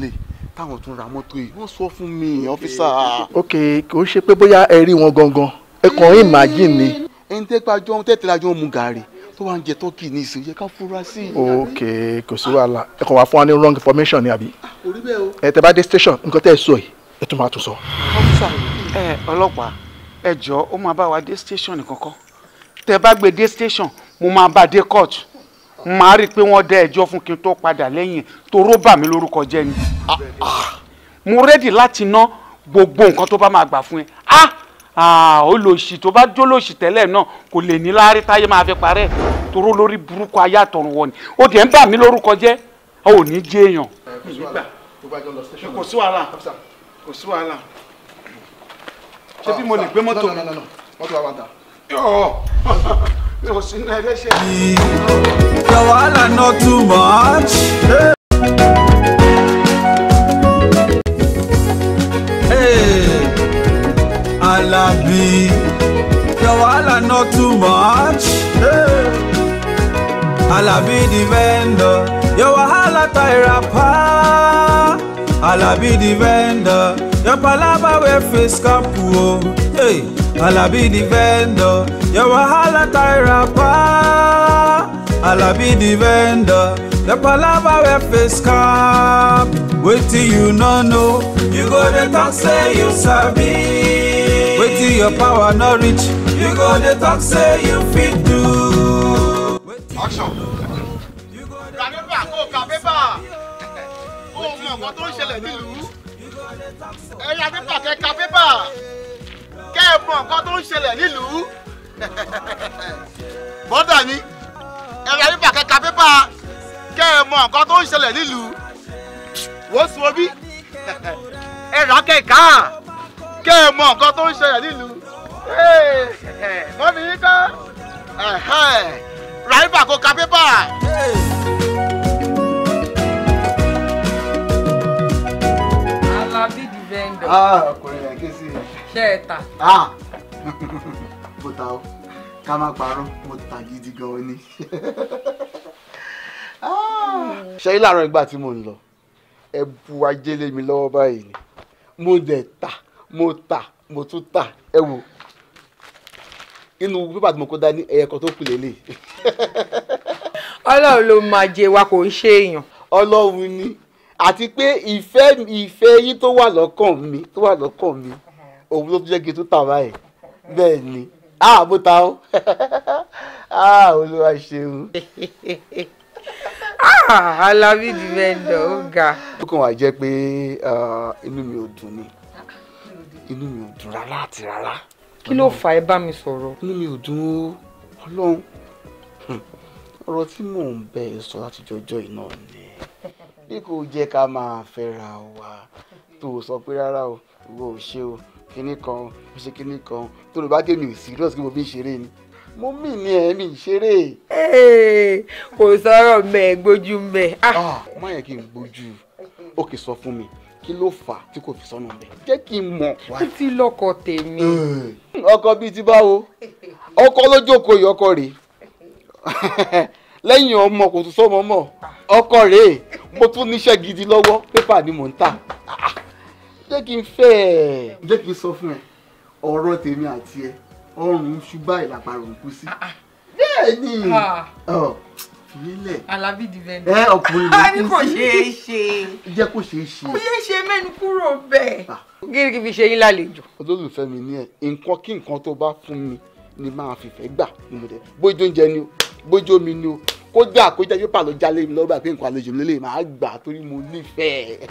táwọn tún ra mọ́tò yìí wọ́n sọ fún mi ọ́fíìsà. ok kò ṣe pé bóyá ẹ rí wọn gangan ẹ kàn ń hmm. imagine ni. ẹni tẹ́gbàjọ́ tẹ́tẹ́lájọ́ mu gàrí tó wá ń jẹ tọ́kì ní ìsìn yẹ ká fura sí i. ok kò sí wàhálà ẹ kàn wá fún wa ní wrong information ni àbí. orí ah, bẹ́ẹ̀ o. ẹ tẹ bá dé station nǹkan tẹ́ ẹ sọ yìí ẹ tún máa tún sọ. ọ́fíìsà ẹ ọlọ́pàá ẹ jọ ó máa bá wa dé station nìkankan tẹ bá gbé dé station mo máa bá dé court màá rí i pé wọ́n dá ẹjọ́ fún kí n tó padà lẹ́yìn toró bà lórúkọ jẹ́ ni mo rẹ́dì láti ná gbogbo nǹkan tó bá máa gbà fún ẹ ah, ah, olóòṣì tó bá jólóòṣì tẹ́lẹ̀ náà kò lè ní láárí táyé máa fi parẹ́ toró lórí burúkú ayé àtọ̀run wọ̀ ni ó dẹ̀ ń bà mí lórúkọ jẹ́ a ò ní jẹ́ èèyàn. kò sí wàhálà kò sí wàhálà ṣé bí mo lè gbé mọ́tò mi. mọ́tò wa wà dà. yọ̀ọ́ yọ̀ọ́ sínú ẹlẹ́ṣẹ̀. your wahala no too much. Alabi. Your wahala not too much. Hey. Alabi the vendor. Your wahala tire pa. Alabi the vendor. Your palava we face cap. Oh. Hey, Alabi the vendor. Your wahala tire pa. Alabi the vendor. The palava we face cap. Wait till you no know. You go to talk say you sabi wetin your power no reach you go dey talk say you fit do. action. ra pépà kó kẹ ẹ mọ nǹkan tó ń ṣẹlẹ̀ nílùú bọ́dà ni ẹ ra pépà kẹ kẹ ẹ mọ nǹkan tó ń ṣẹlẹ̀ nílùú wọ́n sọ bí ẹ ra kẹ kẹ́ ẹ mọ nǹkan tó ń ṣẹlẹ̀ nílùú wọ́n fi yín kọ́ ráìbà kó ka pépà. Alábí di vendor. Ah, ọkùnrin rẹ̀ ké sí i. ṣé ẹ tà. Ah, mo ta o ká má parọ́ mo ta gidi gan ni. Ah. ṣé ilé àárọ̀ ìgbà tí mo ń lọ ẹ bu ajé lé mi lọ́wọ́ báyìí mo dẹ̀ ta mo tà mo tún tà ẹ wò inú pépà tí mo kó dání ẹyẹ kan tó kù lélẹ̀. ọlọ́run ló máa jẹ wa kò ń ṣe èèyàn. ọlọ́run ni àti pé ìfẹ́ ìfẹ́ yín tó wà lọ́kàn mi tó wà lọ́kàn mi òun ló tún jẹ́ kí n tún tà báyìí bẹ́ẹ̀ ni ah mo ta ó ah olúwa ṣeun. ah alábìdí mẹ́ńdọ̀ ó ga. ó kàn wá jẹ́ pé ah, inú mi ò dùn ni inú mi ò dùn rárá àti rárá. kí ló fà ẹ bá mi sọ̀rọ̀. inú mi ò dùn ó ọlọ́run hmm. ọ̀rọ̀ tí mò ń bẹ ẹ sọ láti jọjọ́ iná ni bí kò jẹ́ ká máa fẹ́ra wa tó sọ pé rárá o ìwọ ò ṣe o kinní kan o ṣe kinní kan tó lè bá dé mi ò sí lọ́sọ̀ mo fi ń ṣeré ni mo mì ní ẹ̀mí ìṣeré. kò sọ̀rọ̀ mẹ́ gbójú mẹ́. Ah! Ah, má yẹ kí n gbójú ó sọ fún mi kí ló fà á tí kò fi sọ́nà bẹ̀. jẹ́ kí n mọ̀ wá. ó ti lọ́kọ tèmi. ọkọ bíi ti báwo ọkọ ló jókòó yìí ọkọ rèé lẹ́yìn ọmọ kò tún sọ́mọ mọ̀ ọkọ rèé mo tún níṣẹ́ gidi lọ́wọ́ pépà ni mò ń tà jẹ́ kí n fẹ́ ẹ̀. jẹ́ kí n sọ fún ẹ ọ̀rọ̀ tèmi àti ẹ ọrùn ṣùgbọ́n ìlàpàrọ̀ ń sí. Ah, ah. bẹ́ẹ̀ ni. Ah filẹ̀. alábí di vendor. ẹ ọkùnrin ló ní kò ṣeé ṣe. jẹ́ kó ṣeé ṣe. kò ṣeé ṣe mẹ́nu kúrò bẹ́ẹ̀. gírígì fi ṣe yín lálejò. olólùfẹ́ mi ni ẹ nǹkan kí nǹkan tó bá fún mi ni máa fìfẹ́ gbà ni mo dẹ bójú oúnjẹ ni o bójú omi ni o kódà kójá yóò pàlọ́ jálé mi lọ́gbà pé nǹkan àlejò lélẹ̀ máa gbà torí mo nífẹ̀ẹ́.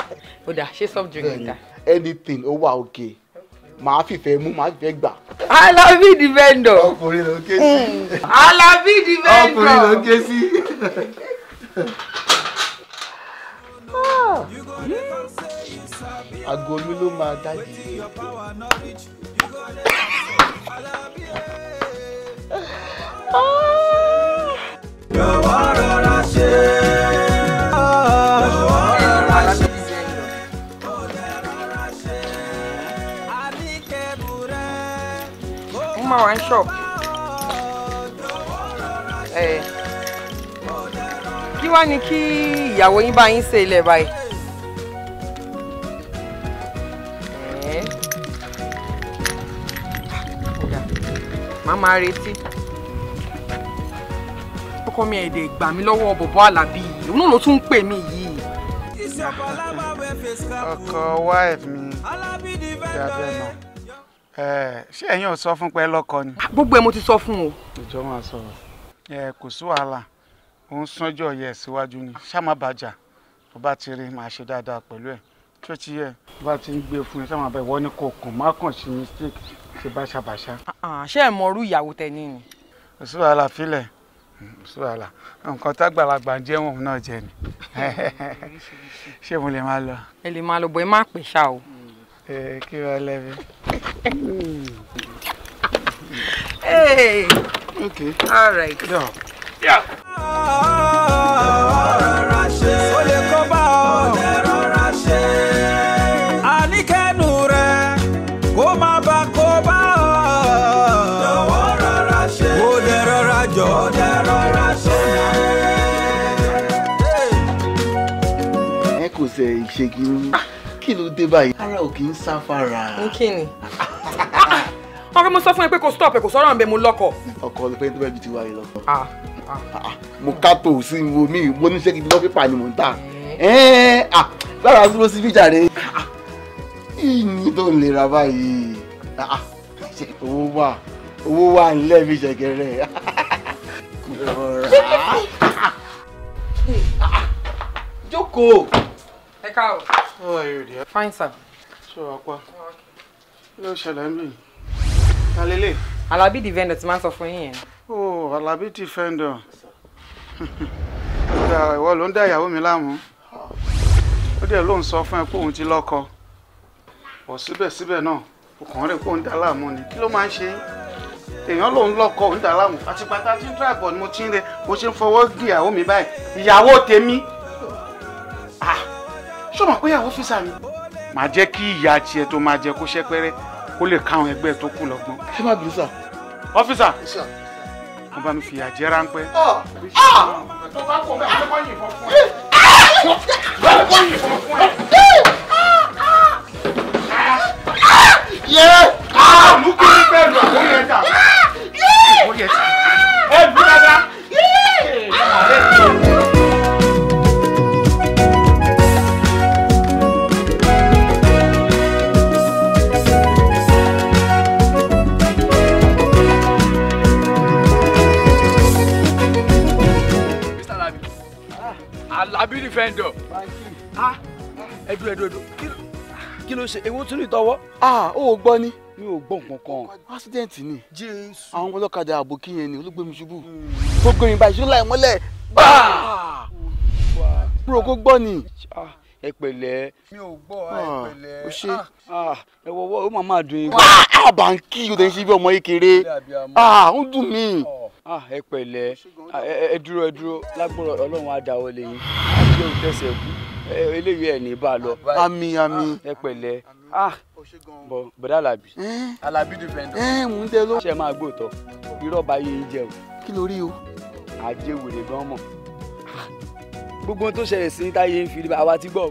ó dà ṣé soft drink ń ta. anything ó wà okay màá fìfẹ́ mú màá fìfẹ́ gbà. alábí di vendor. ọkùnrin ló ké sí. Hmm. alábí di vendor. ọkùnrin ló ké sí àgọ́ ah. mi ló máa dájú jọ̀wọ́ rọra ṣe. jọ̀wọ́ rọra ṣe. mo máa wá ń ṣọ́ọ̀bù kí wá ni kí ìyàwó yín bá yín ṣe ilẹ̀ báyìí. màá máa retí ọkọ mi èdè gbà mí lọ́wọ́ bọ̀bọ̀ alábí yìí òun náà ló tún ń pè mí yìí. ọkọ wife mi dábẹ́ náà ṣé ẹ̀yin ò sọ fún pé lọ́kọ ni. gbogbo ẹ mo ti sọ fún o. ìjọ máa sọ̀rọ̀ kò sí wàhálà òun sánjọ́ yẹ síwájú ni ṣáma bàjá tó bá ti rí máa ṣe dáadáa pẹ̀lú ẹ̀ tó ti yẹ bá ti ń gbé fún ẹ sáwọn abẹ ìwọ ni kò kàn má kàn ṣe mistake ṣe báṣabàṣá. Ah, ah, ṣé ẹ mọrú ìyàwó tẹni ni. kò sí wàhálà fílẹ̀ kò sí wàhálà nǹkan tágbàlagbà ń jẹ́ wọn náà jẹ ni ṣé mo lè máa lọ. ẹ lè máa lọ bọ ẹ má pè ṣá o. ẹ kí wàá lẹ́bi. okay all right. Yeah. Yeah. Ah, kí ló dé báyìí. ara ò kì í sáfara. n kí ni. ọ̀rọ̀ mo sọ fún ẹ pé kò stop ẹ kò sọ̀rọ̀ àwọn ọ̀bẹ mo lọ́kọ̀. ọkọ ọlọpẹ tó bẹ ju ti wáyé lọ. Ah mo kápẹ́ ò sí wo mi mo níṣẹ́ gidi lọ́fíìpà ni mò ń tà lára dúró sí fíjà rẹ ìní tó ń lera báyìí owó wà owó wà nílẹ̀ bí ṣẹ̀kẹ̀rẹ̀ jókòó ẹ káàbọ̀. Oh, fine sir. ṣé wàá pa ló ṣẹlẹ̀ ń bì yín. alálẹ́. alábí the vendor ti máa ń sọ fún yín yẹn oh Alábí ti fẹ́ndọ̀ ìwọ ló ń dá ìyàwó mi láàmú ó dẹ̀ ló ń sọ fún ẹ pé òun ti lọ́kọ ọ̀ síbẹ̀síbẹ̀ náà ọkàn rẹ̀ pé òun dá láàmú ni kí ló máa ń ṣe èèyàn lòun lọ́kọ òun dá láàmú àti pátá tí ń tó àbọ̀ ni mo ti ń rẹ mo ṣe ń fọwọ́ gbé ìyàwó mi báyìí ìyàwó tèmi ṣó mọ̀ pé ìyàwó fi sàmì màá jẹ́ kí ìyá tiẹ̀ tó máa jẹ kó ṣẹ́pẹ́rẹ́ kó lè káwọn ẹgbẹ́ tó kù lọ́gbọ́n. ẹ má bìí sà. ọ́fíìsà wọ́n bá mi fi àjẹ́ ráńpẹ́. tó bá kiri bẹ́ẹ̀ lọ orí ẹ̀ ta orí ẹ̀ ta ẹ̀ bí dada. vendor. Ah, ẹdú ẹdú ẹdú kí Kilo se, ewu tún ní tọwọ́. Ah, ò gbọ́ ni mi ò gbọ́ nǹkan kan hmm. accident ni àwọn ọlọ́kadà àbòkí yẹn ni olóògbé mi ṣubú tó gbé mi báyìí ṣó láì mọ́lẹ̀ báà kúrò kó gbọ́ ni ah, ẹ pẹ̀lẹ́. mi ò gbọ́ ẹ ah, pẹ̀lẹ́. o ṣe ẹ wọ́wọ́ ó máa máa dùn yín. a bá ń kí o tẹ̀ ń ṣe bí ọmọ yìí kéré. ó dùn mí. Oh. Ah, ẹ pẹ̀lẹ́ ah, ẹ dúró ẹ dúró lágbóró ọlọ́run á dáwọ́ lé yín á jẹ́ òtẹ́sẹ̀ kú eléyìí ẹ̀ ní bá a lọ. àmín àmín ah, ẹ pẹ̀lẹ́ bọ bọ̀dá alábí. alábí dìbẹ̀ndọ̀. ẹ mú un tẹ ló. ṣe máa gbóòtọ́ irọ́ bá yé yín jẹ o. kí ló rí o. àjẹ wèrè gan mọ̀ gbogbo tó ṣẹlẹ̀ sí táyé ń fi àwa ti gbọ́ o.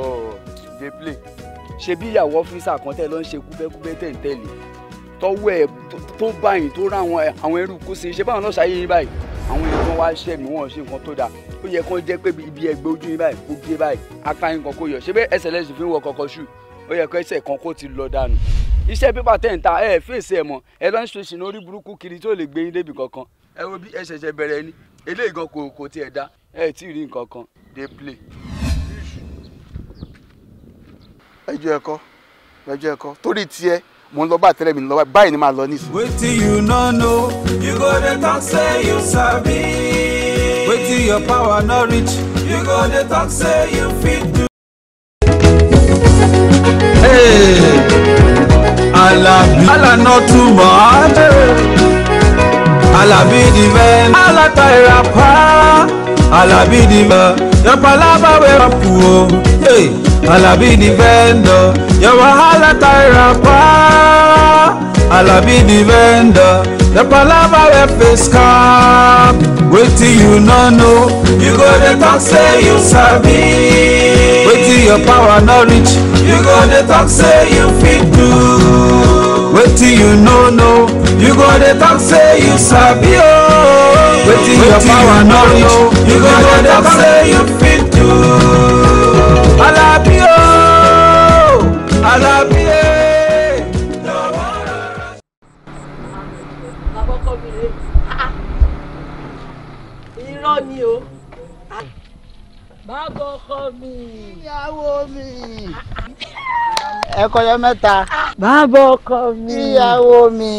ọ̀ oh, ìyàwó ọ́fíìsà kan ló ń ṣe kúbẹ́kúbẹ́ tẹ̀ǹtẹ̀lì tọ́wọ́ ẹ̀ tó báyìí tó rá àwọn ẹrú kó ṣe ṣe báwọn náà ṣàyè yín báyìí àwọn èèyàn kan wá ṣẹ̀ mí wọ́n ṣe nǹkan tó dáa ó yẹ kán jẹ́ pé ibi ẹgbẹ́ ojú yín báyìí kó gé báyìí aka yín kan kó yọ ṣé bẹ́ẹ̀ ẹsẹ̀ lẹ́sìn fi ń wọ kọ̀kọ́ ṣù ó yẹ kó ẹsẹ̀ kan kó ti lọ dànù iṣẹ́ pépà tẹ̀ ń ta ẹ fèsì ẹ̀ mọ̀ ẹ lọ́n ṣe ṣìnà orí burúkú kiri tó lè gbé yín débi kankan ẹ wo bí ẹ ṣẹ̀ṣẹ̀ bẹ̀rẹ̀ ni eléyìí gan kò tiẹ̀ dá ẹ tí ì rí nǹkan kan dey play. ẹjọ ẹkọ ẹjọ ẹkọ torí tiẹ̀ mo ń lọ bá àtẹ́rẹ́ mi lọ báyìí ni màá lọ nísìnyí. wetin you no know you go dey talk say you sabi wetin your power no reach you go dey talk say you fit do. Hey, Alabi, Allah no too much. Alabi the man, Allah tie rapper. Alabi the man your palava wey up o hey alabi the vendor your wahala tie wrapper alabi the vendor your palava wey face calm wetin you no know you go dey talk say you sabi wetin your power no reach you go dey talk say you fit do wetin you no know you go dey talk say you sabi o. Oh your power no reach you go go talk say you fit do. Alabi ooo Alabi ee. àkọ́kọ́ mi rè é irọ́ ni o báàgọ́ ọkọ mi. ìyàwó mi ẹ̀kọ́ yọ mẹ́ta. báàgọ́ ọkọ mi. ìyàwó mi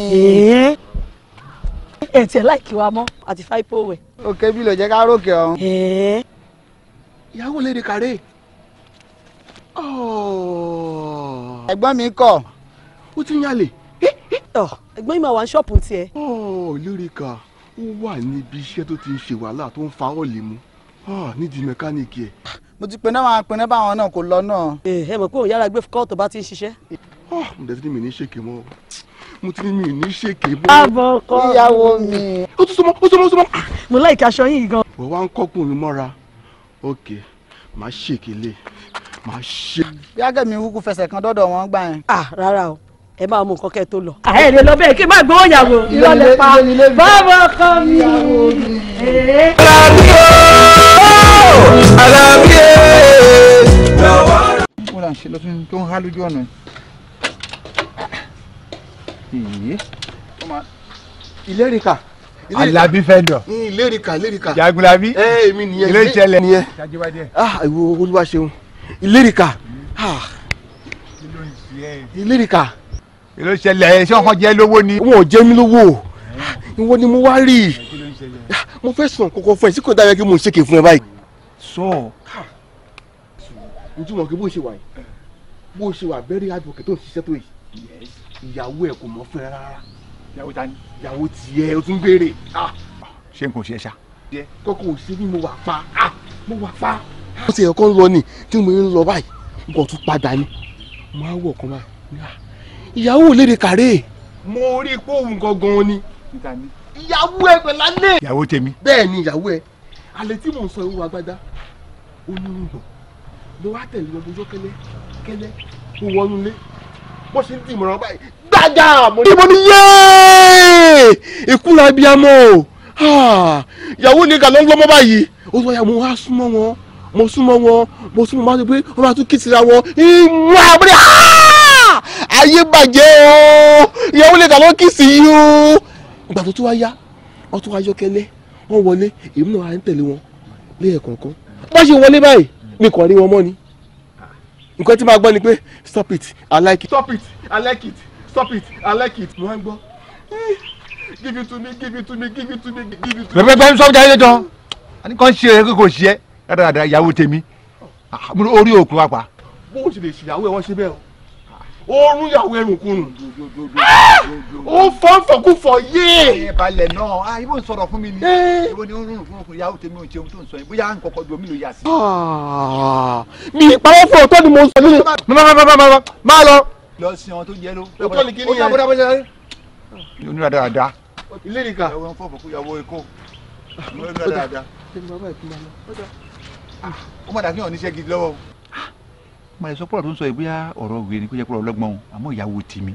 ẹ tiẹ̀ láìkí wa mọ́ àti fáìpò oh wẹ̀. òkè bí ló jẹ́ ká rókè ọ̀hún. ìyàwó lè kàrẹ́ oh. ẹ̀gbọ́n mi kọ̀. ó ti ń yálè. ẹ̀gbọ́n mi máa wà ní ṣọ́ọ̀pù tiẹ̀. Oh, lóríkà ó wà níbi iṣẹ́ tó ti ń ṣe wàhálà tó ń fa ọ̀lì mu ah, nídìí mẹkáníìkì ẹ̀. mo ti pinnu àwọn apinnu báwọn náà kò lọ náà. ẹ mọ̀ pé òun yára gbé kọ́ọ̀tù bá ti ń ṣiṣẹ́. ǹdẹ́sí ah, mi ní ṣèké mọ́ mo ti ní mi ní ṣèké bó. àbọ̀ kọ́ ìyàwó mi. ó tún sọmọ ó sọmọ ó sọmọ. mo láì kaṣọ yín gan. wọ́n wá ń kọ́kùnrin mọ́ra òkè máa ṣèké lé máa ṣe. yàgẹ̀ mi wúkú fẹsẹ̀ kan dọ́dọ̀ wọn gbà yẹn. à ah, rárá o ẹ máa mú nǹkan kẹ́ tó lọ. Ah. àyè lè lọ bẹ́ẹ̀ kí n má gbọ́ ìyàwó ìrọ̀lẹ́ pa bọ́ọ̀bù ọkọ mi. alábíyé alábíyé. ó là ń ṣe lọ́tún tó ń há lójú ọ̀nà yìí ìlẹ́rìíkà. Alábí fẹ́ndọ̀. Hmm, ìlẹ́rìíkà ìlẹ́rìíkà. jagunlabi. ẹ eh, èmi nìyẹn ilé ìṣẹ̀lẹ̀ nìyẹn. ah ìwọ olúwa ṣeun ìlẹ́rìíkà. ìlẹ́rìíkà. Hmm. Ah. ìlú ìṣẹ̀lẹ̀ ṣé ọkàn jẹ lówó ni. wọn ò jẹ mí lówó hmm. ah, ìwọ ni mo wá rí i eh, ah, mo fẹ́ sùn kọ̀kọ̀ fún ẹ sí kò dára kí mo ṣe kè fún ẹ báyìí. sọ. ǹjẹ́ wọn kì bó ṣe wà yìí bó ṣe wà bẹ́ẹ̀rẹ̀ advocate tó ń ṣiṣẹ́ tó yìí ìyàwó ẹ kò mọ̀ fún rárá. ìyàwó ta ni. ìyàwó tiẹ̀ o tún béèrè. Ah. Ah. ṣé n kò ṣe ṣá. kókò ṣe ni mo wà pa ah, mo wà pa. wọ́n ṣe ẹ̀kọ́ ń lọ ni tí mo ń lọ báyìí mo tún padà ni mo á wọ̀ kan báyìí. ìyàwó lédè kàrẹ́. mo rí i pé òun gangan ni. ìyàwó ẹ pẹ̀lú alẹ́. ìyàwó tèmi. bẹ́ẹ̀ ni ìyàwó ẹ alẹ́ tí mò ń sọ ewu agbada onírúgbọ̀n ló wá tẹ̀lé ọmọ ọjọ́ kẹlẹ́ kẹlẹ́ ó wọnú ilé bó ṣe ń dìmọ̀ràn báyìí gbàgà mo ní. ibo ni yéé ìkúra ibi amọ o ìyàwó ni gàlọ́ ń lọ́mọ báyìí ó sọ ya mo wá súnmọ́ wọn mo súnmọ́ wọn mo súnmọ́ máa tó pé wọ́n máa tún kí tira wọn ìmọ̀ àbúrò ayé bàjẹ́ o ìyàwó ni gàlọ́ kí sí yìí o. ìgbà tó tún wá yá wọ́n tún wá yọ́kẹ́lẹ́ wọ́n wọlé èmi náà à ń tẹ̀lé wọn lẹ́yìn kọ̀ọ̀kan bá ṣe wọlé báyìí mi kàn rí wọn mọ́ ni nǹkan tí máa gbọ́ ni pé stop it i like it. stop it i like it stop it i like it mo wá ń give it to me give it to me give it to me give it to me. bẹ́ẹ̀ bẹ́ẹ̀ sọ́jà yẹn jọ kàn ṣe é kò ṣe é dáadáa ìyàwó tèmi orí òkun apá. bó o ṣe lè ṣìyàwó ẹ wọ́n ṣe bẹ́ẹ̀ o oorun yàwó ẹrùn kùnrùn ó fọ́nfọ̀kúfọ̀ yéé. ẹ balẹ̀ náà ibo ń sọ̀rọ̀ fún mi ni ibo ni ó rún fún ọkùnrin ìyàwó tèmi ò jẹun tó ń sọ yìí bóyá nǹkan kan ju omi ló yà sí. Ah, mi ìpàwọ́ fún ọ̀tọ́ ni mo sọ nílé. máa lọ lọ sin ọ tó jẹ ló. o tọ́ ni kí ni yẹn o dábọ̀ dábọ̀ sáré. inú rẹ̀ dáadáa. ilé nìkan. ẹ̀wọ̀n fọ̀fọ̀ kó yàwó ikó. inú rẹ̀ dáadáa. ó má dàbí ọ̀níṣẹ́ gidi lọ́wọ́ o. màá sọ pọ́lọ̀ tó ń sọ yìí bóyá ọ̀rọ̀ òwe ni kó jẹ́ pọ́lọ̀ ọlọ́gbọ́n o àmọ́ ìyàwó tì mí.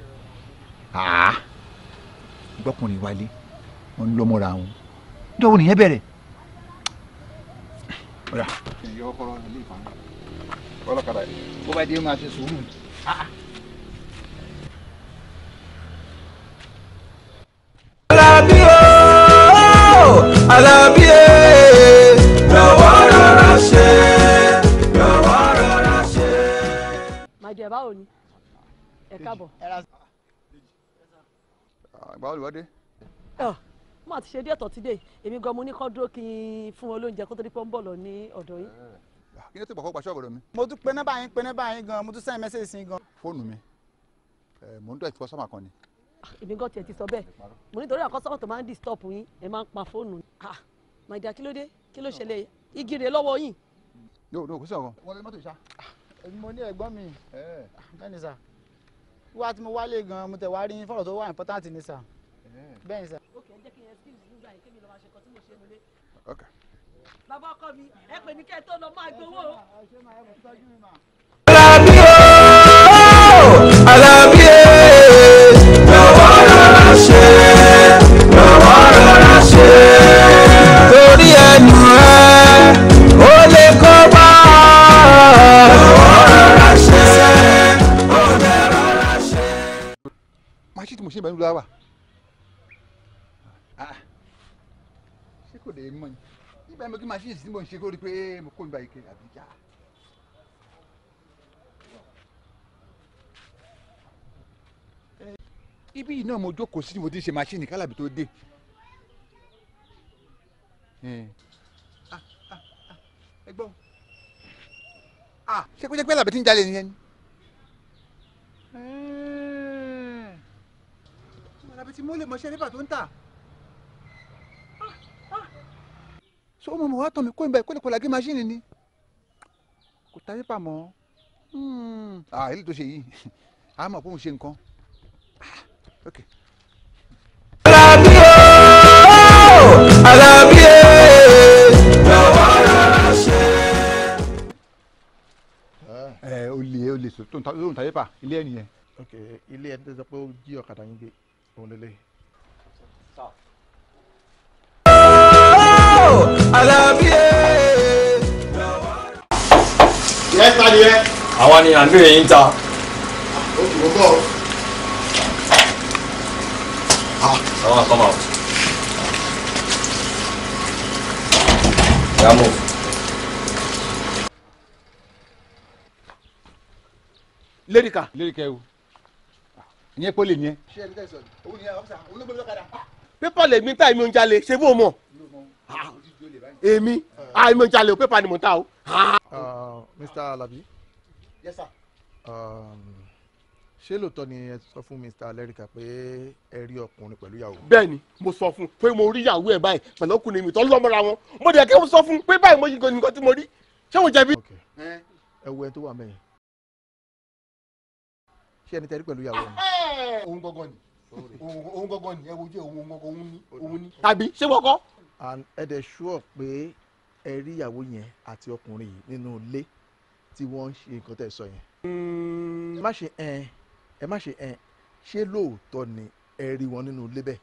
gbọ́kùnrin wálé wọn ń lọ́mọ́ra wọn. níjọ́ wo nìyẹn bẹ̀rẹ̀ ọlọ́kadà yìí. bó bá dé máa ṣe sùúrù. Alábí o Alábí e lọ́wọ́ rọra ṣe lọ́wọ́ rọra ṣe. màjẹ̀ báwo ni ẹ káàbọ̀. Ah, báwo ni wọ́n dé. Ah, mo àti ṣe díẹ̀ tọ̀ ti dé èmi gan mo ní kán dúró kí n fún wọn lóúnjẹ kó tó di pọ́ bọ̀ lọ ní ọ̀dọ̀ yín. Ah, kí ni tí bọ̀ kó pa ṣọ́ọ̀bù rẹ mi. mo tún pe nọ́mbà yín pe nọ́mbà yín gan mo tún send message sí yín gan. fóònù mi eh, mò ń dọ̀ ìfọsọ́mà kan ni èmi gan tiẹ̀ ti sọ bẹ́ẹ̀ mo nítorí àkọsọ́wọ́ tó máa ń disturb yín ẹ máa ń pa fóònù ah màdà kí ló dé kí ló ṣẹlẹ̀ igi rè lọ́wọ́ yín. yóò ní òkúsọ̀ kan. wọlé mọ́tò ìṣá mo ní ẹ̀gbọ́n mi bẹ́ẹ̀ ni sà wíwá tí mo wálé gan mo tẹ̀ wá rí fọ̀rọ̀ tó wà important ni sà eh. bẹ́ẹ̀ ni sà. ok ẹ jẹ́ kí n excuse nígbà yìí kémi lọ́wọ́ aṣèkọ́ tí mo ṣe nílé. bàbá ọkọ mi ẹ pè tí mẹ́rin ló wà ṣé kò lè mọ̀ yìí nígbà mi kí machine tí mo ń ṣe kó rí pé mo kó mi báyìí kiri àbí já. Eh, ibi yìí náà mo jókòó sí ni mo ti ṣe machine kálábì tó dé. Eh, ah, ah, ah, ẹ gbọ́ ṣé kó jẹ́ pé làbẹ́ tí ń jalè nìyẹn ni. làbí ti múlẹ̀ mọ́ṣẹ́ nígbà tó ń tà. so mo mọ̀ wá tàn mí kó ìgbà ìkólẹ̀ kọlà gé maṣíìnì ni kò ta pépà mọ́ èyí tó ṣe yìí a mọ̀ pé ṣe nǹkan. ilé ẹ̀ nìyẹn. ilé ẹni tó sọ pé ó jí ọ̀kadà yín gbé òun lélẹ̀. alábíyé. yẹ ta ni yẹ. àwa ni à ń bèrè yín ta. o kì í bọ̀ o. Someone come out. Yeah, move. Lérìkà. Lérìkà ewu ìyẹn pọ́lẹ̀ ni ẹ. Ah! pépà lèmi tá èmi ń jalè ṣé bó mọ̀ ah! èmi èmi ah. ń jalè o pépà ni mo ta o. Mr. Alabi. Yes sir. Um, ṣé lóòótọ́ ni ẹ sọ fún Mr. Alẹ́ríkà pé ẹ rí ọkùnrin pẹ̀lú ìyàwó. bẹ́ẹ̀ni mo sọ fún pé mo rí ìyàwó ẹ báyìí pẹ̀lú ọkùnrin mi tó lọmọra wọn mo dẹ̀ kí mo sọ fún pé báyìí mo yí nǹkan tí mo rí ṣé mo jẹ̀bi. ẹ wo ẹ tó wà mẹyìn ṣé ẹni tẹ̀rí pẹ̀lú ìyàwó ni. òun gangan ni òun gangan ni ẹ wojú ẹ òun gangan ni òun ni. tàbí ṣé wọ́n ẹ dẹ̀ ṣúọ̀ pé ẹ rí ìyàwó yẹn àti ọkùnrin yìí nínú ilé tí wọ́n ń ṣe nǹkan tẹ̀ sọ yẹn. Hmm. ẹ má ṣe ẹn ẹ má ṣe ẹn ṣé lóòótọ́ ni ẹ rí wọn nínú ilé bẹ́ẹ̀.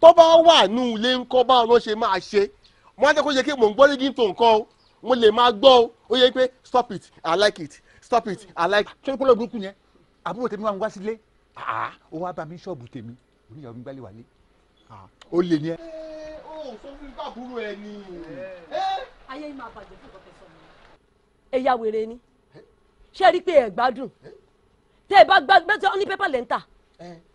tó bá wà nù ilé ńkọ́ báwọn ló ṣe máa ṣe wọ́n á jẹ́ kó ṣe kí mò ń gbọ́ mo lè máa gbọ́ o ó yẹ pé stop it i like it stop it i like it. sọ́yìn pọ́lọ́ burúkú yẹn àbúrò tèmi wà ń wá sílé ó wá bá mi ṣọ́ọ̀bù tèmi oníyàwó mi gbálẹ̀ wálé ó lè ní ẹ. ó sọ fún bá àbúrò ẹ ni. ayé yìí máa bàjẹ́ fún ìkọ́kẹ́ sọ̀rọ̀. ẹ̀yà wèrè ni ṣé ẹ rí i pé ẹ gbádùn tẹ́ ẹ bá gbádùn bẹ́ẹ̀ tí wọ́n ní pépà lẹ́ńtà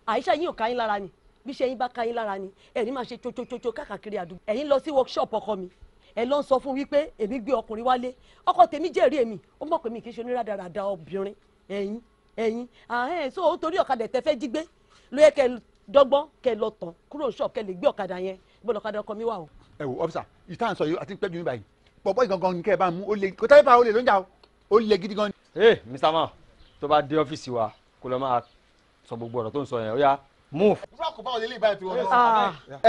àyíṣà yín ò ká yín lára ni bí ṣe yín bá ká yín lára ni ẹ̀rín máa ṣe chochochocho káàkiri àdúgbò ẹ̀yin lọ sí workshop ọkọ mi ẹ lọ sọ fún wípé èmi gbé ọkùnrin wálé ọkọ tèmi jẹ́rìí èmi ó mọ̀ pé mi kì í ṣe oníradàradà obìnrin ẹ̀yin ẹ̀yin àhẹ́n so torí ọ̀kadà tẹ fẹ́ jí gbé ló yẹ kẹ dọ́gbọ́n kẹ lọ tán kúrò ṣọ̀ kẹ lè gbé ọ̀kadà yẹn gbọ́dọ̀ ọ̀kadà ọkọ mi wà o. ẹ wo ọfisa ìta ń sọ yìí àti pẹ́ẹ́jú mi báyìí pọ̀pọ́ ìgangan ni kẹ́ bá mú ó le kó tẹ́lẹ̀ bá ó lè lóúnjà o ó le ee mr ma tó bá dé ọ́fíìsì wa kó lọ máa sọ gbogbo ọ̀rọ̀ tó ń sọ move. ìlú àkùbá òde ilé ìbáyìí tí wọ́n lọ.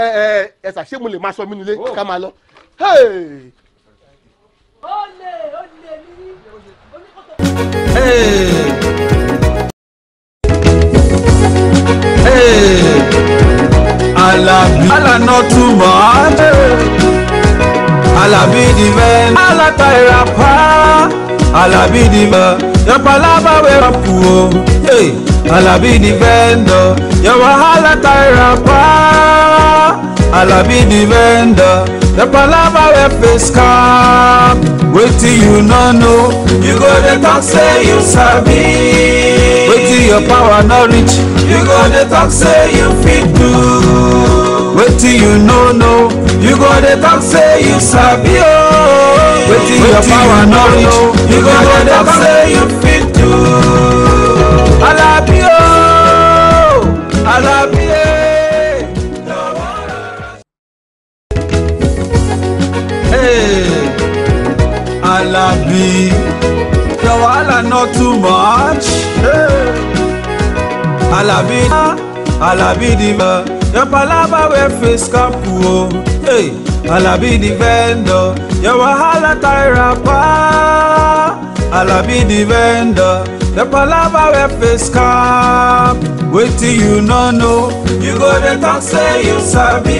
ẹ ẹ ẹ ṣàṣẹ mo lè máa sọ mí nílé oh. ká máa lọ. ó lè ó lè mí oníkótó. Alabi alana tuma Alabi di men alata irapa. Alabi the man, your palava we rap o. Hey, Alabi the vendor, your wahala tie rapper. Alabi the vendor, your palava we face calm. Wetin you no know, you go dey talk say you sabi. Wetin your power no reach, you go dey talk say you fit do. Wetin you no know, you go dey talk say you sabi o. Oh wetin your power no reach you go go talk say you fit do. alabi ooo alabi ooo. E. Alabi, your wahala not too much. Hey. Alabi, Alabi diva. Your palava wey face kapu o. Oh. Hey, Alabi the vendor. Your wahala tie wrapper. Alabi the vendor. Your palava wey face cap. Wetin you no know, you go dey talk say you sabi.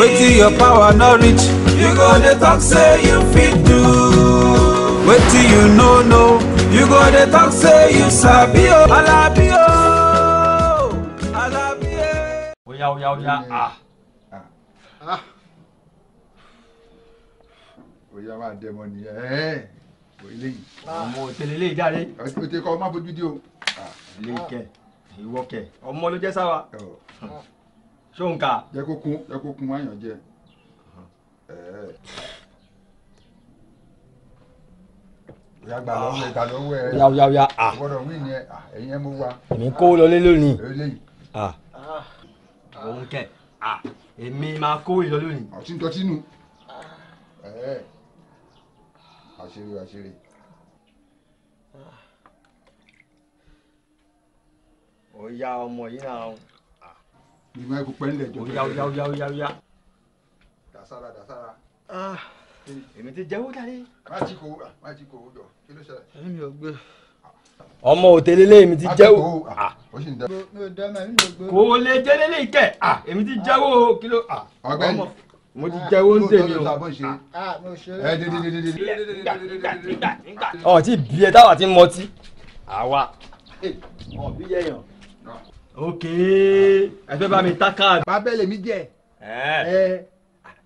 Wetin your power no reach, you go dey talk say you fit do. Wetin you no know, you go dey talk say you sabi o. Oh. Alabi o. Oh. yao yao ya a. oyè máa dẹmọ nìyẹn ẹ ilé yìí. ọmọ òtẹlẹ ilé ìjáde. òtẹ kọ ọmọ àfojú di o. ilé ìkẹ ìwọ kẹ ọmọ ló jẹ sáwa. ṣóǹkà. jẹ kó kún jẹ kó kún wáyàn jẹ. yàgbà lọ́wọ́ ìta lọ́wọ́ ẹ. yàwùyàwùyà. gbọ́dọ̀ wí ni ẹ̀yin ẹ mú wa. èmi kó lọlé lónìí òun kẹ èmi máa kó ìlọ lónìí. àti ń dọtí nù àṣírí àṣírí. ó yá ọmọ yìí náà. ìmọ̀ ẹ̀kú pẹ́ńlẹ̀ jọ. ó yá ó yá ó yá ó yá ó yá. dàsára dàsára. Ah, èmi ti jẹ́wọ́ dáre. má jí kò má jí kò jọ kí ló ṣẹlẹ̀. èmi ò ọmọ òtẹ́lélé èmi ti jẹ́wọ́ kò lè jẹ́lélé ìkẹ́ èmi ti jẹ́wọ́ kìlọ̀ ọmọ mo ti jẹ́wọ́ ń tèmi o. ọtí bí ẹ táwa ti mọtí àwa ok ẹ fẹ́ bá mi ta káàdì. bábẹ́lẹ̀ mi jẹ́ ẹ ẹ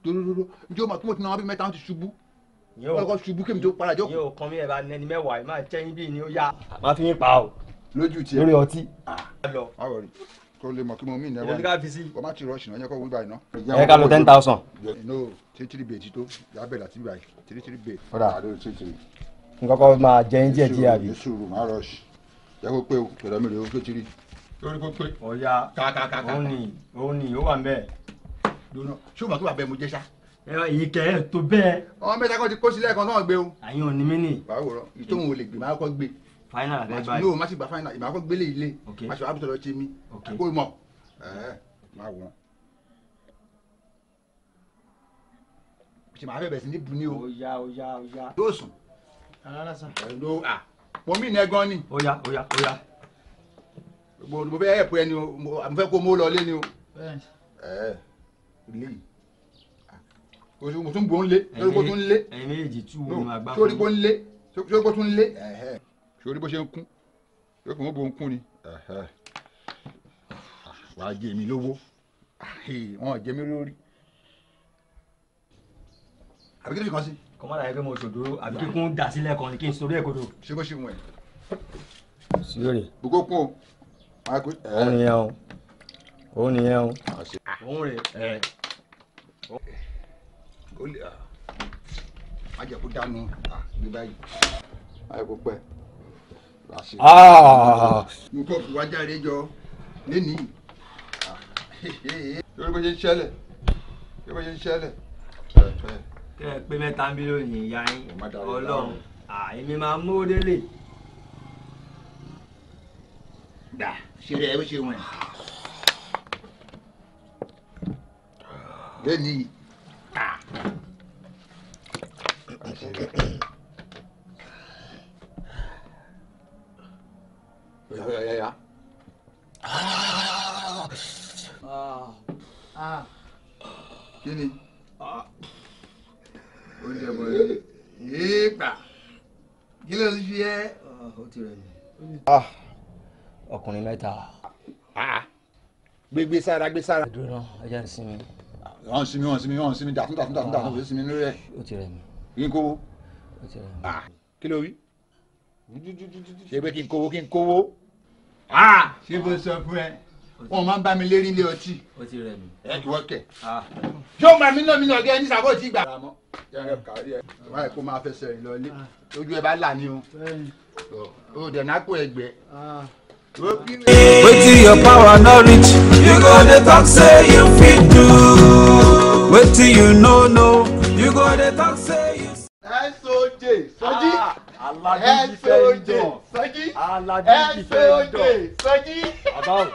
dòdòdòdò njẹ́ o mọ̀ pé mo ti na wọn bí mẹ́ta wọn ti ṣubú wọ́n kọ́ ṣubú kémi tó para jókòó. yóò kàn mí ẹ̀ bá nẹni mẹ́wàá ẹ̀ máa tẹ́yìn bí ni ó yá. má fi yín pa o. lójú tiẹ̀ lórí ọtí. àwọ̀ ah. rí kó lè mọ̀ kí mo mí ìnáwó ni kó má ti rọ́ọ̀ṣì náà yẹ kó wí báyìí náà. ẹ ká lọ ten thousand. no títí bèè ti tó yàbẹ̀ láti báyìí títí bèè. kódà n kọ́kọ́ máa jẹ yín díẹ̀ díẹ̀ àbí. sùúrù má rọ́ọ̀ṣì yẹ kó pé o pẹ̀lú mi rè o tó ti rí. lórí kó pé. ọ̀ya kàkàkàkà. òun ni òun ni ó wà ń bẹ́ẹ̀. ṣé o mọ̀ kí wàá bẹ́ẹ̀ mo jẹ́ sá ìkẹ́ tó bẹ́ẹ̀. ọmọ mẹ́ta kan ti kó sílẹ̀ kan náà gbé o. àyìn ò ní mí nì. wàá wòrán ìtòhùn ò lè gbé màá gbé. final àti báyìí. yóò má sì gba final ìmọ̀ àkọ́ gbélé ilé. ok wàá bùtọ̀ lọ ṣe mí. ok kó o mọ̀ ẹ̀ẹ́ máa wòrán. ṣe máa fẹ́ bẹ̀rẹ̀ sí ní bu ní o. oya oya oya. yóò sùn. rárá sàn. ẹ̀ló à pọ̀mí ìnẹ́ gan ni. oya oya oya. mo fẹ́ ẹ̀pù ẹni o mo fẹ́ kó o mó lọ lé ni o. bẹ́ẹ̀ ni. ẹ̀ẹ́ mo tún gbó ń lé sórí kó tún lé sórí kó ń lé sórí kó tún lé sórí bó ṣe ń kún sórí kó bó ń kún ni wàá jẹ mí lówó wọn jẹ mí lórí àbí kí ni kàn sí. kọ́mọ́dà yẹ kí mo ṣòdòdó àbí kí kún dà sílẹ̀ kan kí n sọ ẹ̀ kodò. ṣé bó ṣe wọ̀nyí. sílẹ̀. bùkún kún o. òun nìyẹn o òun nìyẹn o. òun rè é ó lè ah. má jẹ́ kó dánú ah, ní báyìí. ayé kò pẹ́ nǹkan ah. fi wá jáde jọ lénìí lórí bó ṣe ń ṣẹlẹ̀ lórí bó ṣe ń ṣẹlẹ̀. kẹ ẹ pé mẹ́ta ń bí lónìí ìyá yín Ọlọ́run àìmí máa Ja, ja, ja, ja. Ah. Ah. Kí ni? Oúnjẹ bọ̀ ní. Yéèpà. Kí ló ń fi ẹ́? Ó ti rẹ̀ mí. Ọkùnrin mẹ́ta. Ah. Gbégbé sára gbé sára. Dúró náà, ẹja ń sinmi. Wọ́n ń sinmi, wọ́n ń sinmi, wọ́n ń sinmi, dàtún wọ́n ń sinmi lórí ẹ̀. Ó ti rẹ̀ mí yín kówó ah. Ah. kí ló wí ṣe pé kí n kówó kí n kówó ah. ṣé bó sọ fún ẹ wọn máa ń bá mi lérí ilé ọtí ẹ ìwọ kẹ yóò máa mí náà mí náà gẹ ní sábà tí gbà. báyìí kó máa fẹsẹ̀ rìn lọlé ojú ẹ bá là ní o o dẹ̀ náà kó ẹgbẹ́. wetin your power no reach you go dey talk say you fit do wetin you no know you go dey talk say oje sọjí ẹsẹ oje sọjí ẹsẹ oje sọjí. bàbá o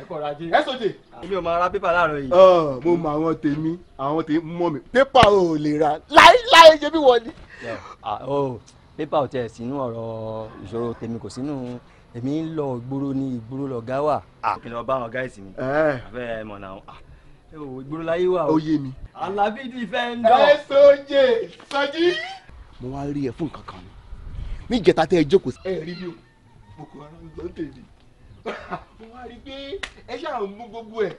ẹ kọ́ ra jẹ́. ẹsẹ oje. èmi ò máa ra pépà láàárọ̀ yìí. Ah, mo mọ àwọn tèmi àwọn tèmi mọ mi pépà ò lè ra láéláé ṣe bí wọ́n ni. Ah, pépà ò tẹ̀ sínú ọ̀rọ̀ ìṣòro tèmi kò sínú èmi ń lọ ìgboro ní ìgboro lọ̀gá wà. Ah, kí ni wọ́n bá wọn gáìsì mi. àfẹ́ eh. mọ̀ náà ìgboro láyé wà. ó yé mi. alábídì fẹ́ ń dọ̀. ẹ sọ́jẹ́ sọ́jí mo wá rí ẹ fún nǹkan kan ni níjẹta tẹ ẹ jókòó sí. ẹ rí mi o boko haram ló ń tèmi mo wá rí i pé ẹ ṣáà ń mú gbogbo ẹ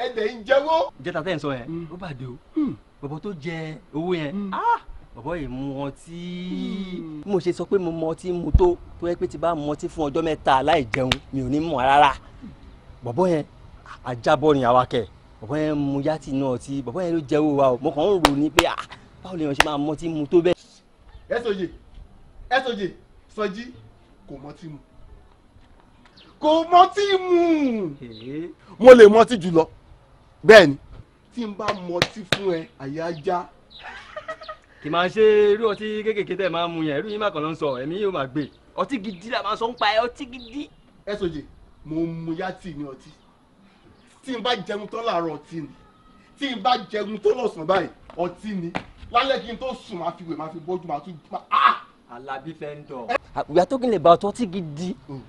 ẹ dẹ̀ ń jẹ́wọ́. ìjẹta tẹ ẹ sọ yẹn hmm. ó bà dé o hmm. bọ̀bọ̀ tó jẹ owó yẹn hmm. ah! bọ̀bọ̀ yìí mu ọtí. mo ṣe sọ pé mo mu ọtí mu tó tó yẹ pé ti bá mu ọtí fún ọjọ́ mẹ́ta láì jẹun mi ò ní mọ̀ rárá bọ̀bọ̀ yẹn ajábọ̀ ni àwa kẹ̀ bọ̀bọ̀ yẹn mu yàtì náà ọtí bọ̀bọ̀ yẹn ló jẹ́ wa o mo kàn ń rò ní pé ah! báwo lèèyàn ṣe máa mu ọtí mu tó bẹ́ẹ̀ ẹsọyè ẹsọyè sọjí kò mọtí mu kò mọtí mu mo lè mọtí jùlọ bẹ́ẹ̀ ni tí n bá mọtí fún ẹ àyà já. kì máa ṣe irú ọtí kéékèèké tẹ máa ń mu yẹn irú yín má kàn ló ń sọ ẹ̀mí yóò máa gbé ọtí gidi la máa sọ ń pa ẹ ọtí gidi. ẹsọjì mo mu yàtì ní ọtí tí n bá jẹun tán láàárọ̀ ọtí ni tí n bá jẹun tó lọ́sàn-án báyìí ọtí ni lálẹ́ kí n tó sùn máa fi wè máa fi bójú máa tún gbà á. Ah! alábí fẹ́ ń dọ̀. Ah, we are talking about ọtí gidi mm.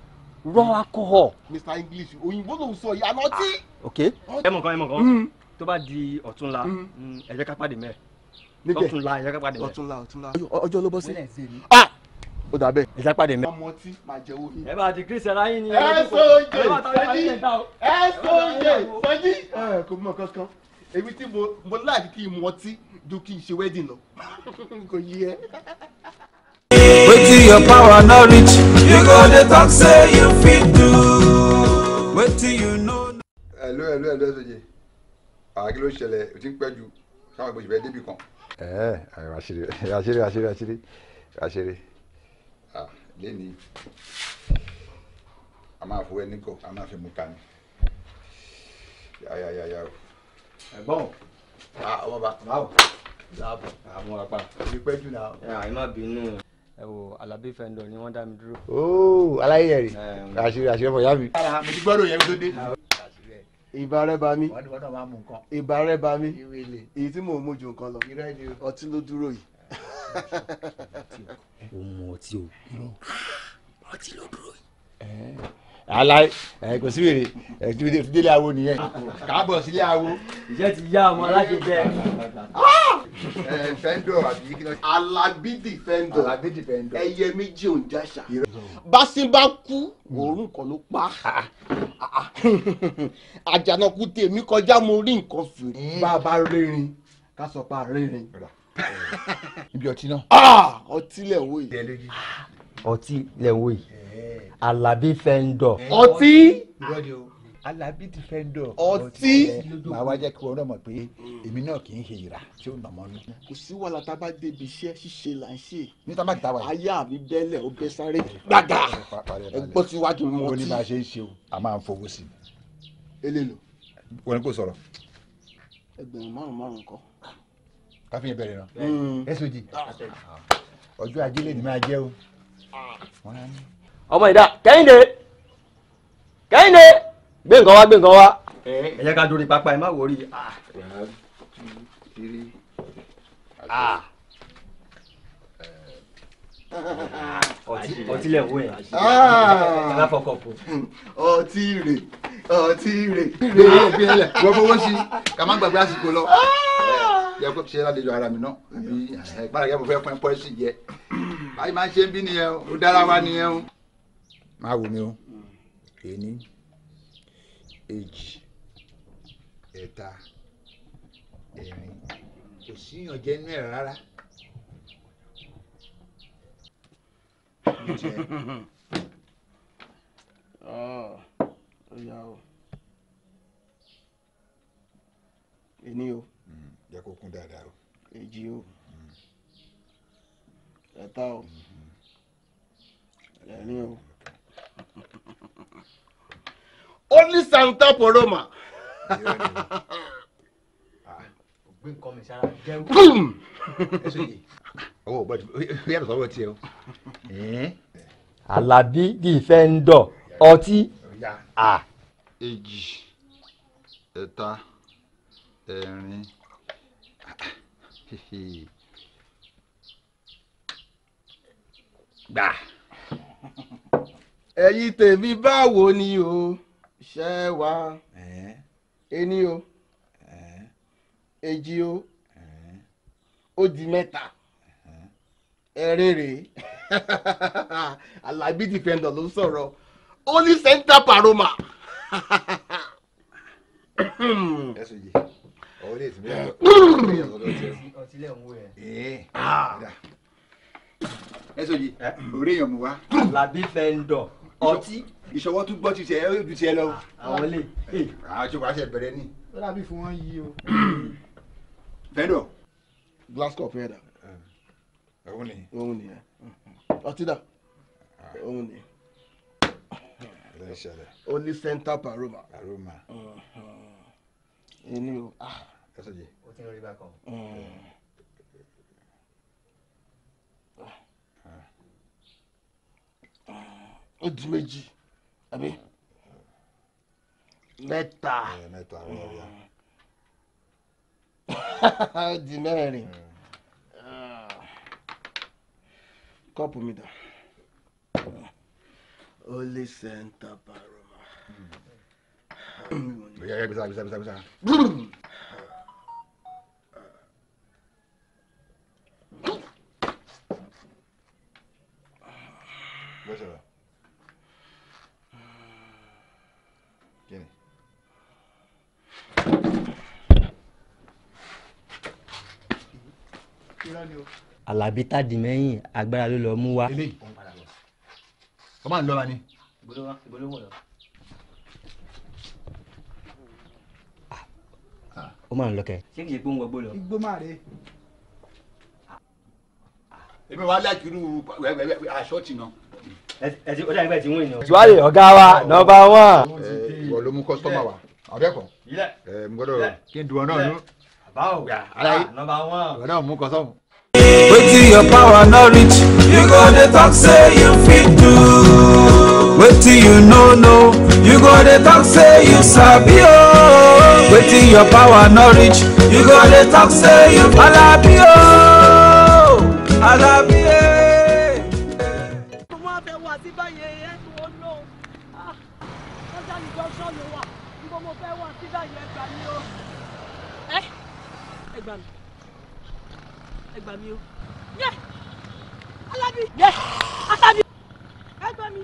raw alcohol. mr english Oyinbo, ló ń sọ ìyá náà tí. Ah, ok ẹ mọ̀ kan ẹ mọ̀ kan mm. tó bá di ọ̀túnla mm. ẹ jẹ́ ká pàdé mẹ́ẹ̀ níbẹ̀ ọ̀túnla ẹ jẹ́ ká pàdé mẹ́ẹ̀ ọ̀túnla ọ̀túnla ọjọ́ ló bọ́ sí. ó dà bẹ́ẹ̀ ẹ jẹ́ pàdé mẹ́ẹ̀. ọmọ tí màá jẹ owó ẹ bá ti kírísì ara ni. ẹ sọ oye sọjí ẹ sọ oye sọjí. ẹ kò mọ kankan èmi tí mo mo kí n mu ọtí ju kí n ṣe wedding lọ kò yí ẹ. wetin your power no reach you go dey talk say you fit do wetin you know. hello hello hello ẹsọjẹ àkí ló ṣẹlẹ̀ o ti ń pẹ́ jù sáwọn ìgbésẹ̀ bẹ́ẹ̀ débì kan. ẹ ẹ àyọ àṣírí àṣírí àṣírí àṣírí àṣírí. lẹ́ni a máa fowó ẹni kọ a máa fi mú ká ni yáyáyáyá o ẹ̀gbọ́n ọmọ bá báwo láàbù Ah, apá apa? pẹ́ jù na. ẹ má bínú. ẹ wo alabi fendo ni wọ́n dá mi dúró. ooo aláyẹ̀ rè àṣírí àṣírí ẹ̀fọ́ yá mi. mo ti gbọ́dọ̀ yẹn tó dé. ìbárẹ́ bá mi ìbárẹ́ bá mi èyí tí mò ń mójú nǹkan lọ ọtí ló dúró yìí. ó mu ọtí o ọtí ló dúró yìí. aláì ẹ kò sí wèrè ẹ tí wọ́n fi délé awo nìyẹn káàbọ̀ sílé awo. ìṣe ti yá ọmọ aláṣẹ jẹ. ẹ fẹ́ńdọ̀ àbí kí ló. alábídì fẹ́ńdọ̀ alábídì fẹ́ńdọ̀ ẹyẹ méjì ò ń jàṣà. básin bá kú òórùn kan ló pa àjànàkú tèmi kọjá mo rí nǹkan fèrè. bá a bá rẹ́rìn ká sọ pa rẹ́rìn. ibi ọtí náà. Ah! ọtí lẹ̀ wò yìí. ọtí lẹ̀ wò yìí. Alabi eh. fẹ́ndọ̀. ọtí. Alabi ti fẹ́ndọ̀. ọtí. màá wá jẹ́ kí wọ́n mọ̀ pé èmi náà kì í ṣe ìrà tí ó nà mọ́ nù. kò sí wàhálà tá a bá débi iṣẹ́ ṣíṣe là ń ṣe. ní tá a bá ta wáyé. aya mi bẹ́lẹ̀ ó bẹ́ sáré gbàgà ẹgbọ́n tí wàá kì í ó ní bá a ṣe ń ṣe o a máa ń fowó sí i. elélo. wọn kò sọ̀rọ̀. ẹgbẹ̀rún márùn-ún márùn-ún kọ. káfíń bẹ̀rẹ̀ náà. ẹ hmm. sojì ọmọ ìdá kẹ́hìndé kẹ́hìndé gbé nǹkan wá gbé nǹkan wá. ẹ ẹ yẹ ká dórí pápá ẹ má wọrí. Ah. Ah. ọtí lẹ̀ wọ ẹ̀ aláfọkọ̀pọ̀. Ah. ọtí rè ọtí rè rè rè gbé lẹ̀ wọ́n fowó sí ká má gbàgbé àsìkò lọ yẹ kó ṣe lálejò ara mi náà àbí ìpàdé kẹ́ mo fẹ́ pọ́n pọ́n sí jẹ báyìí máa ń ṣe ń bí nìyẹn o dára wa nìyẹn o máa wò mí o ení èjì ẹ̀ta ẹ̀rin kò sí ìyànjẹ inú ẹ̀ rárá. ení o. Hmm, jẹ́ kó kún dáadáa o. èjì o hmm. ẹ̀ta o hmm, ẹ̀rin o. Mm -hmm. only santa poroma. Àlàbí kì í fẹ́ ń Ah. ọtí. èjì ẹ̀ta ẹ̀rin gbà ẹ̀yin tèmi báwo ni o ṣe wá ení o èjì o ó di mẹ́ta ẹ̀rín rèé alábí defender ló sọ̀rọ̀ ó ní center paroma. ẹ̀sùn yìí yìí orí èèyàn mú wa. alábí fẹ́ ń dọ̀ ọtí ìṣọwọ́ tún gbọ́ ti tiẹ̀ ẹ́ ju tiẹ̀ lọ. àwọn lè. àṣùkò àṣẹ bẹ̀rẹ̀ ni. ó dàbí fún wọn yí o. vendor. glass cup yẹn dà. Eh, òun ni. òun ni eh. ọtí dà. Ah. òun ni. ó ní center paroma. paroma. èmi o. Ah. ẹ sọ jẹ. o ti ń rí bákan. Hmm. Odi di méjì àbí mẹ́ta ó di mẹ́rin ah. kọ́ọ̀pù mi dà holy center baroma. Oya ya alábí tàdí mẹ́yìn agbára ló lọ́ọ́ mú wá. ọmọ àlọ́ wa ni. ìbolówó lọ. Ah, kẹ. ṣé kìí gbóhùn gbogbo lọ. igbó máa rè. èmi wàá láti irú aṣọ náà. ẹ ti ọjà ìgbà tí wọ́n ènìyàn. ìwádìí ọ̀gá wa nọ́mbà wán. ìwọ ló mú kọ́sítọ́mà wa abẹ́kọ̀. ẹ n gbọ́dọ̀ kí n dùn ọ náà nú. àbá ò gbà nọ́mbà ìwọ náà mú kọ́sọ́mù making your power no reach you go dey talk say you fit do wetin you no know you go dey talk say you sabi ooo oh. wetin your power no reach you go dey talk say you alabi ooo oh. alabi. yes Àṣàbí ẹgbẹ́ mi.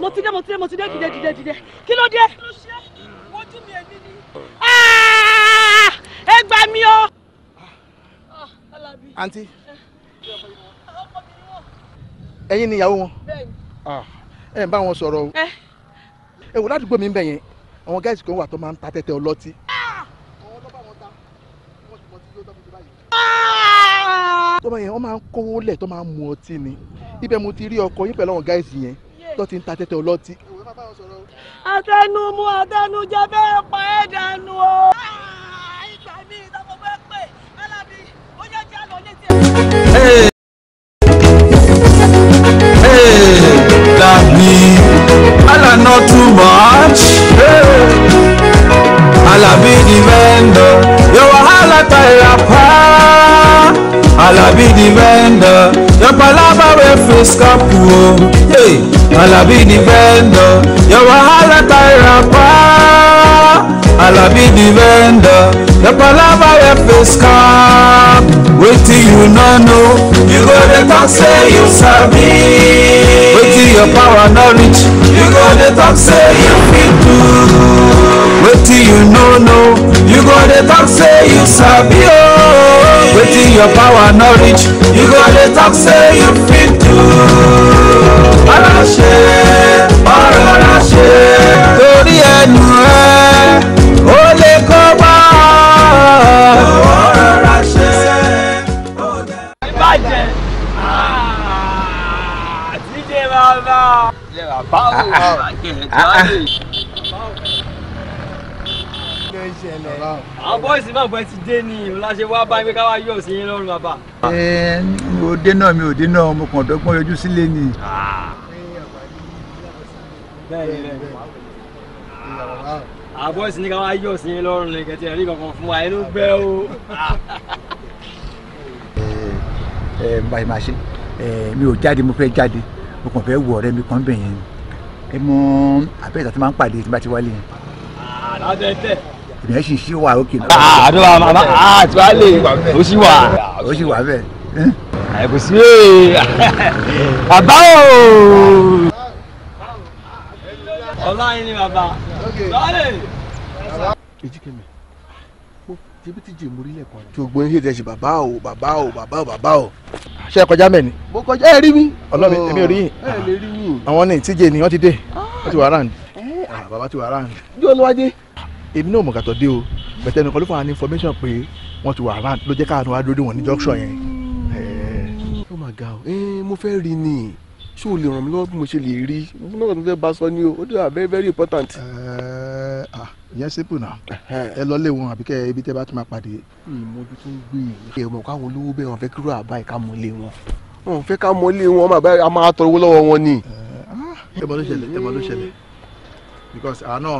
mo ti dé mo ti dé mo ti dé dìde dìde dìde kí ló dé. ni. Ah! ẹ gbà mí o. àǹtí ah, eh, ẹ̀yin ni ìyàwó wọn ah, ẹ ń bá wọn sọ̀rọ̀ o ẹ eh. wò ládùúgbò mi ń bẹ yẹn àwọn gáàsì kan wà tó máa ń ta tẹ́tẹ́ ọlọ́tí tọ́mọ yẹn wọ́n máa ń kówó lẹ̀ tó máa ń mu ọtí ni ibẹ̀ mo ti rí ọkọ yín pẹ̀lú àwọn gáìsì yẹn tó ti ń ta tẹ́tẹ́ ọlọ́tí. àtẹnumú àtẹnujẹ bẹ́ẹ̀ pa ẹ́ dànù o. Ah, ìgbà mi ìtàkùn fẹ́ pè alábí ó yẹ kí a lọ ní tiẹ̀. Alabi Ala not too much Alabi the vendor your wahala tire Alabi defender your palava wey face cap o hey, Alabi defender your wahala tie wrapper Alabi vendor. your palava wey face cap wetin you no know you go dey talk say you sabi wetin your power no reach you go dey talk say you fit do wetin you no know you go dey talk say you sabi ooo. Oh wetin your power no reach you go dey talk say you fit do ọ̀rọ̀ ṣe ọ̀rọ̀ ra ṣe torí ẹnu ẹ ó lè kó wá ọ̀rọ̀ ra ṣe. ìbàjẹ́ àti ah, ìdè bàbá. ìdè bàbá ò àwọn bọ́ìsì máa bọ́ ẹ ti dé ni ìrọ̀láṣẹ wá bá yín pé ká wá yọ̀ sí yín lọ́rùn bàbá. ẹ ò dé náà mi ò dé náà mo kàn dọ́gbọ́n yọjú sílé ni. bẹ́ẹ̀ni bẹ́ẹ̀ni àwọn bọ́ìsì ní ká wá yọ̀ sí yín lọ́rùn ní kẹtì ẹ̀rí kankan fún wa inú gbẹ́ o. ẹ ẹ báyìí máa ṣe mi ò jáde mo fẹ́ jáde mo kàn fẹ́ wọ ọ̀rẹ́ mi kan bẹ̀yẹn ẹ mọ àbẹ́ẹ̀ta tí máa ń pàdé tí bá ti wálé yẹn. àlàbẹ̀ ah, tẹ̀ bẹ́ẹ̀ sì ṣí wà òkè náà. Ah, àdúrà màmá àti ah, wàá lè ó sì wà. ó sì wà bẹ́ẹ̀. àìkú sí ee eh. bàbá o. ọlá yín ni bàbá. ejikeme jẹbi ti jẹ mórí lẹkọọ rẹ. ṣùgbọ́n ihe jẹ ṣe bàbá o bàbá o bàbá o bàbá o. ṣé ẹ kọjá mẹ́ni. mo kọjá ẹ rí mi. ọlọ́run èmi ò rí yìí. ẹ lè rí mi. àwọn ní ìtìjẹ ni wọ́n ti dé ah. wọ́n ti wà ráǹdì. bàbá ti wà ráǹdì. jọ́ọ́ lọ́wọ́ dé èmi náà mọ̀ kàtọ́ dé o bẹ̀tẹ̀ nìkan ló fún wa ní information pé wọ́n ti wà around ló jẹ́ káàánú wa dúró dé wọn ní junction yẹn. ó mà ga ọ mo fẹ́ rí ni ṣé o lè ràn mí lọ́wọ́ bí mo ṣe lè rí mo náà fẹ́ bá sọ ni o ó dà very very important. Eh, ah, ìyẹn simple na ẹ lọ lé wọn àbí kẹ ibi tẹ bá tún máa pàdé. ìmọ̀jú tó ń gbé yìí. ẹ mọ̀ káwọn olówó bẹ́ẹ̀ wọn fẹ́ kúrò àbá ìka mọ̀ lé wọn. wọn fẹ́ ká mọ̀ lé wọn a máa tọrọ owó lọ́wọ́ wọn ni. Eh, ah, ẹ mọ̀ ló ṣẹlẹ̀ ẹ mọ̀ ló ṣẹlẹ̀ because àánú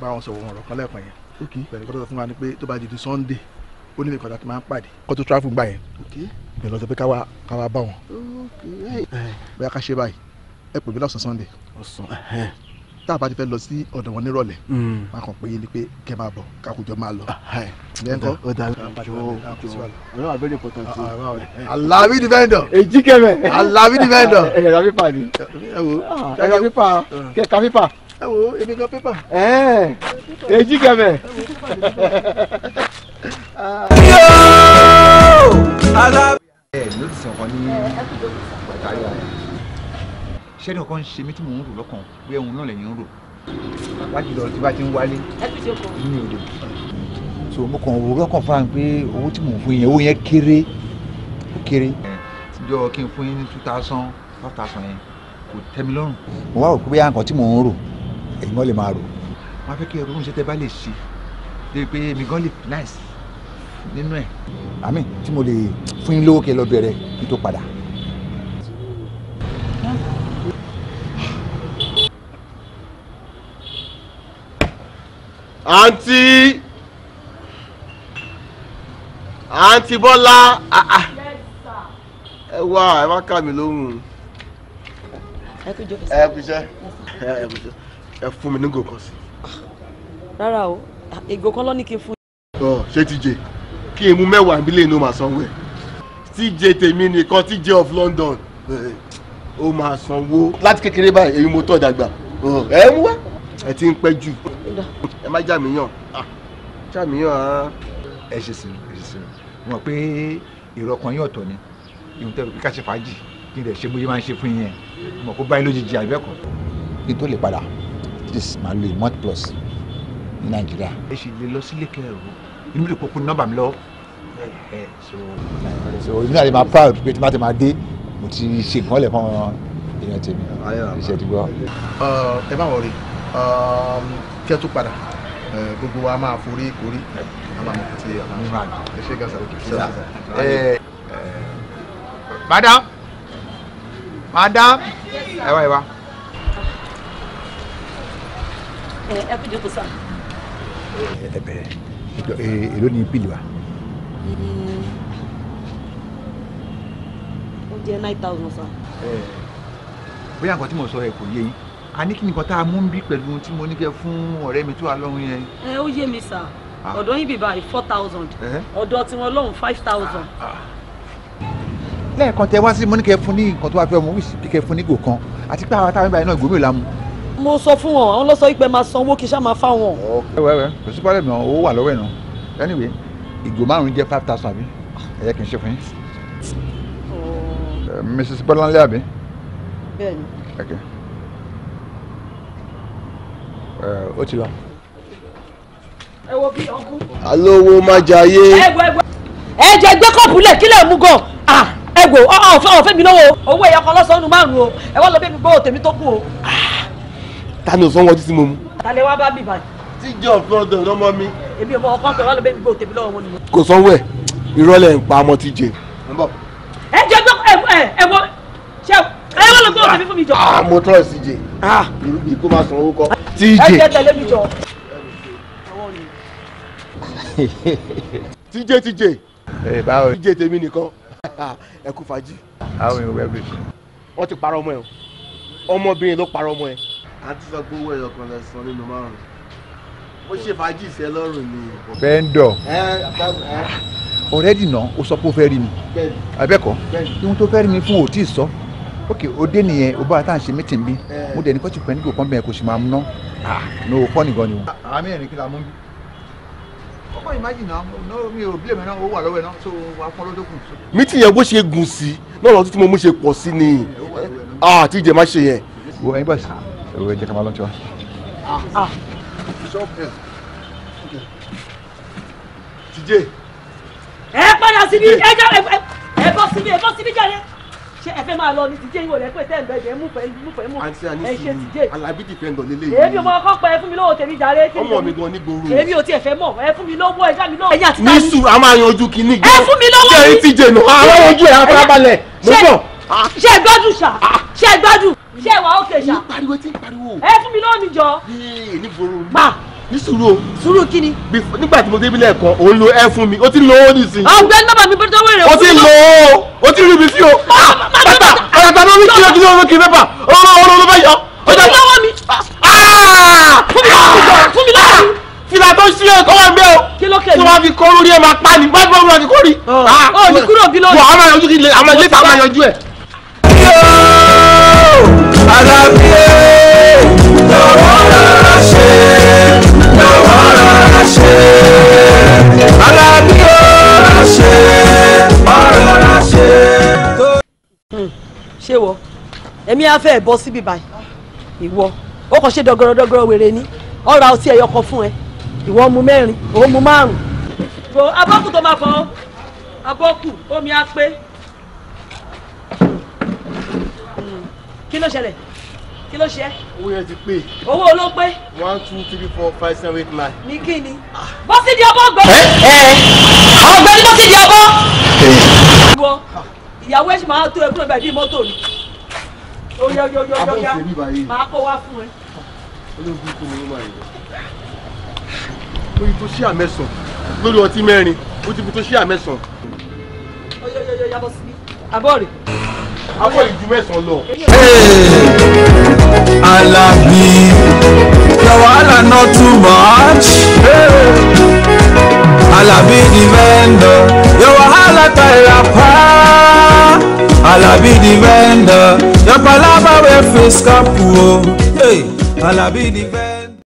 bá wọn sọ̀rọ̀ wọn rọ̀ kan lẹ́ẹ̀kan yẹn bẹ̀rẹ̀ kọ́tọ́ fún wa ni pé tó bá di sunday ó níbi kọ́tà tó máa ń pàdé kọ́tọ́ travel gbà yẹn bẹ̀rẹ̀ lọ́sọ̀ pé ká wá bá wọn bóyá ká ṣe báyìí ẹ pè mí lọ́sàn sunday tá a bá ti fẹ́ lọ sí ọ̀dọ̀ wọn nírọ̀lẹ́ hmm. máa kàn pé yé ni pé kẹ́ máa bọ̀ kakujọ máa lọ. alabi di vendor ẹ wo èmi gan pépà. ẹ èjì kẹmẹ. yóò ala. ẹ ló ti sọ̀kan ní pàtàkì rẹ̀ ṣé ní ọkàn ń ṣe mí tí mò ń rò lọ́kàn bí ẹ̀hún náà lẹ́yìn ń rò wájú lọ tí bá ti ń wálé nínú so mo kàn wò lọ́kàn fún mi pé owó tí mò ń fún yẹn owó yẹn kéré ó kéré. jọ kí n fún yín ní two thousand five thousand yẹn kò tẹ́ mi lọ́rùn. mo wá ẹ̀yin gan lè máa rò wọn fẹ́ kí ẹ ronú ṣe tẹ́ bá lè ṣe débi pé èmi gan lè nice nínú ẹ̀. àmì tí mo lè fún yín lówó kí ẹ lọ bẹ̀rẹ̀ kí tó padà. àǹtí àǹtí bọ́lá ah, ah. ẹ wá ẹ má kà mí lóhùn ẹ kú iṣẹ́ ẹ fún mi ní gòkan sí. rárá o ìgò kan ló ní kí n fún. ọ ṣé tíjẹ kí n mú mẹ́wàá ìbílẹ̀ inú màá sanwó ẹ̀ tíjẹ tèmi nìkan tíjẹ of London ó máa sanwó. láti kékeré báyìí èyí mo tọ́ dàgbà ẹ mú wá ẹ ti ń pẹ́ jù ẹ má jà mí yàn ah, jà mí yàn. Ah. ẹ ṣe sinmi ẹ ṣe sinmi mọ̀ pé èrò ọkàn yín ọ̀tọ̀ ni ìhun tẹ́ ká ṣe fàájì kí n lè ṣe bóyá máa ń ṣe fún yín yẹn mọ̀ kó báyìí lójijì àbẹ́kọ̀ kí n tó lè padà least màá lo ìmọ̀t plus ní nàìjíríà. ẹ sì lè lọ sílé kẹrù inú lè pọpọ nọ́mbà mi lọ. so èmi náà lè máa proud pé tí má ti máa dé mo ti ṣe nǹkan lẹ fún èèyàn tèmi iṣẹ́ ti gbọ́. ẹ má wọrí um, kí ẹ tó padà gbogbo wa máa forí korí a máa mọ̀ kó ti ẹ ṣe gàṣà òkè. madam madam ẹ wá ẹ wá. ẹ kú jókòó sá. ẹ bẹ̀rẹ̀ èló ni pílì wa. ó jẹ́ nine thousand sá. bóyá nǹkan tí mo sọ ẹ kò yé yín a ní kí nǹkan tá a mú bí pẹ̀lú tí mo ní kẹ́ fún ọ̀rẹ́ mi tó wà lọ́hùn yẹn. ẹ ó yé mi sá ah. ọ̀dọ̀ yín bíbá yìí four thousand ọ̀dọ̀ tiwọn lọ́hùn five thousand ah, ah. lẹ́ẹ̀kan tẹ wá sí mọ́níkẹ́ fún ní nǹkan tó wá fẹ́ ọmọ wíṣí bí kẹ́ fún ní ìgò kan àti pé àwọn táwọn ìbáyìí náà ìgò mélòó la mu mo sọ fún wọn àwọn lọ́sọ̀ ìpẹ́ máa sanwó kí sá máa fáwọn. wẹ́wẹ́ kò sí pálẹ̀ mọ́ owó wà lọ́wọ́ ẹ̀ nù anyway ìgò márùn-ún jẹ́ five thousand àbí ẹ̀yẹ kì í ṣe fún yín. Oh. Eh, Mrs. Bọ́láńlé àbí. bẹ́ẹ̀ni. okay. Eh, ó ti lọ. ẹ wo bí ọkú. alówó má jayé. ẹ jẹ́ gbé kọ́ọ̀pù lẹ̀ kílẹ̀ mú gan ẹgbò ọ̀fẹ́ mi lọ́wọ́ owó ẹ̀yà kan lọ́sàn-án márùn-ún o ẹ wá lọ bí mi gbọ́ òtèmi tó kù o ta ni o sanwó ọtí tí mo mu. tàlẹ́ wá bá bì báyìí. tíjọ́ fúnọ̀dọ̀ lọ́mọ mi. èmi ò mọ ọkọ pẹ̀lú àlọ́ bẹ́ẹ̀ mi gbọ́ tèmi lọ́wọ́ wọn ni. kò sanwó ẹ̀ ìrọ̀lẹ́ ń pa ọmọ tí jẹ. ẹ jẹ gbọ́ ẹ ẹ ẹ wọ ṣe ẹ wọ́n lọ gbọ́ tèmi fún mi jọ. ah mo tọ́ ẹ sí jẹ bí ah. kò máa san owó kọ. tí jẹ ẹ jẹ tẹ̀lé mi jọ. tí jẹ tí jẹ. ẹ báwo tí jẹ tèmi nìkan ẹ kú fàájì. how you everything. wọ́n ti parọ́ ọmọ ẹ ọmọbìnrin ló parọ́ ọmọ ẹ a tún sọ pé owó ẹyọ kan lẹ san nínú márùn mo ṣe fàájì ìfẹ́ lọ́rùn ni. fẹ́ńdọ̀ ọ̀rẹ́dì náà ó sọ pé ó fẹ́ rí mi àbẹ́kọ̀ ihun tó fẹ́ rí mi fún ò tí ì sọ ok òde nìyẹn ó bá tá à ń ṣe mítìn bí mo dẹ̀ ní kọ́tù pẹ̀lú ìgò kan bẹ̀rẹ̀ kò sì máa ná ní o pọ́ nìkan ni o. àmì ẹ̀rín kí la mú bí. kọ́kọ́ ìmájì náà mi ò bílẹ̀ mi náà ó wà lọ́wọ́ ẹ̀ náà tó wà fún ọlọ́dọ́kùn. mítìn yẹn bó ṣe gùn sí náà lọ́tún tí mo mú ṣe pọ̀ sí ni àti ìjẹ́ má ṣe yẹn. Eu vou ká máa lọ Ah, wa. Ah. tìjé. ẹ padà síbi ẹ jẹ́ ẹ bọ́ síbi ẹ bọ́ síbi jáde ṣé ẹ fẹ́ máa lọ ní tìjé ìwòlẹ́ pé tẹ́ ẹ̀ ń bẹ̀ jẹ́ mú fẹ́ mú fẹ́ mú ẹ ṣe tìjé. alábí dìpẹ́ndọ̀ lélẹ̀ yìí. èmi ò mọ ọkọ pẹ ẹ fún mi lówó tèmi jàre tí mi. ọmọ mi gan ní gbòòrò. o ò tiẹ̀ fẹ́ mọ̀ ẹ fún mi lówó ẹ já mi lówó. ní sùúrù a máa yanjú kinní gan. ẹ fún mi lówó mi. jẹ́rìí tìjé nù. àwọn ojú ẹ̀ afárábalẹ̀ mo bọ̀. ṣe gbádùn ṣá ah. ṣe gbádùn ṣé ìwà òkè ṣá. ní pariwo tí ń pariwo. ẹ fún mi lónìí jọ. yéé ní gbòòrò ma ní sùúrù o. sùúrù kí ni. nígbà tí mo débi lẹ́ẹ̀kan òun lo ẹ fún mi ó ti lo ó nísìnyí. ọgbẹ́ nọ́mbà mi bọ́dọ̀ wẹ̀rẹ̀ o. ó ti lo ó ó ti rí mi sí o. bàtà bàtà ló ń kí ló kí ló ń kí pépà ọlọ́run ọlọ́run bá yọ. ọjà lọ́wọ́ mi. Ah! fún mi lọ́wọ́ ah! fún mi lọ́wọ́ ah! fìlà tó ṣí ẹ kọ́ wá gbé o kí wọ́n fi kọ́ lórí ẹ máa pa ni bá gbọ́dọ̀ ti kórì. ó oh. oh, ní kúrò bí lórí. wọ́n á máa yanjú kí lè àwọn ilé ìta máa yanjú ẹ̀ alábíyé lọ́wọ́ rárá ṣe lọ́wọ́ rárá ṣe alábíyé rárá ṣe ọ̀rọ̀ rárá ṣe. ṣé wọ èmi á fẹ́ bọ́ síbi báyìí ìwọ ó kàn ṣe dọgọrọdọgọrọ wèrè ni ọ̀rọ̀ ọtí ẹ̀yọ kan fún ẹ ìwọ mu mẹ́rin òun mu márùn abọ́kù tó máa fọ́ abọ́kù omi á pé. kí ló ṣẹlẹ̀ kí ló ṣe. owó yẹn ti pé. owó ló pé. one two three four five seven eight nine. ní kí ni. Ah. bó ti di ọbọ gbẹ. àwọn ọ̀gbẹ́ni ló ti di ọbọ. wọ ìyàwó ẹ ṣì máa tó ẹkún ẹgbẹ bíi mọ́tò ni. oyóyóyóyóyá máa kó wá fún ẹ. olóògùn kò wọ́n máa yẹ. lórí tó ṣí àmẹ́sàn lórí ọtí mẹ́rin ó ti fi tó ṣí àmẹ́sàn. oyóyóyóyá bọ́ síbí. àbọ̀ rè àwọn ìjú mẹ́sàn-án lọ. Alabi the wahala not too much. Alabi the vendor your wahala tie wrapper. Alabi the vendor your palava wey face cap o. Oh. Alabi the vendor.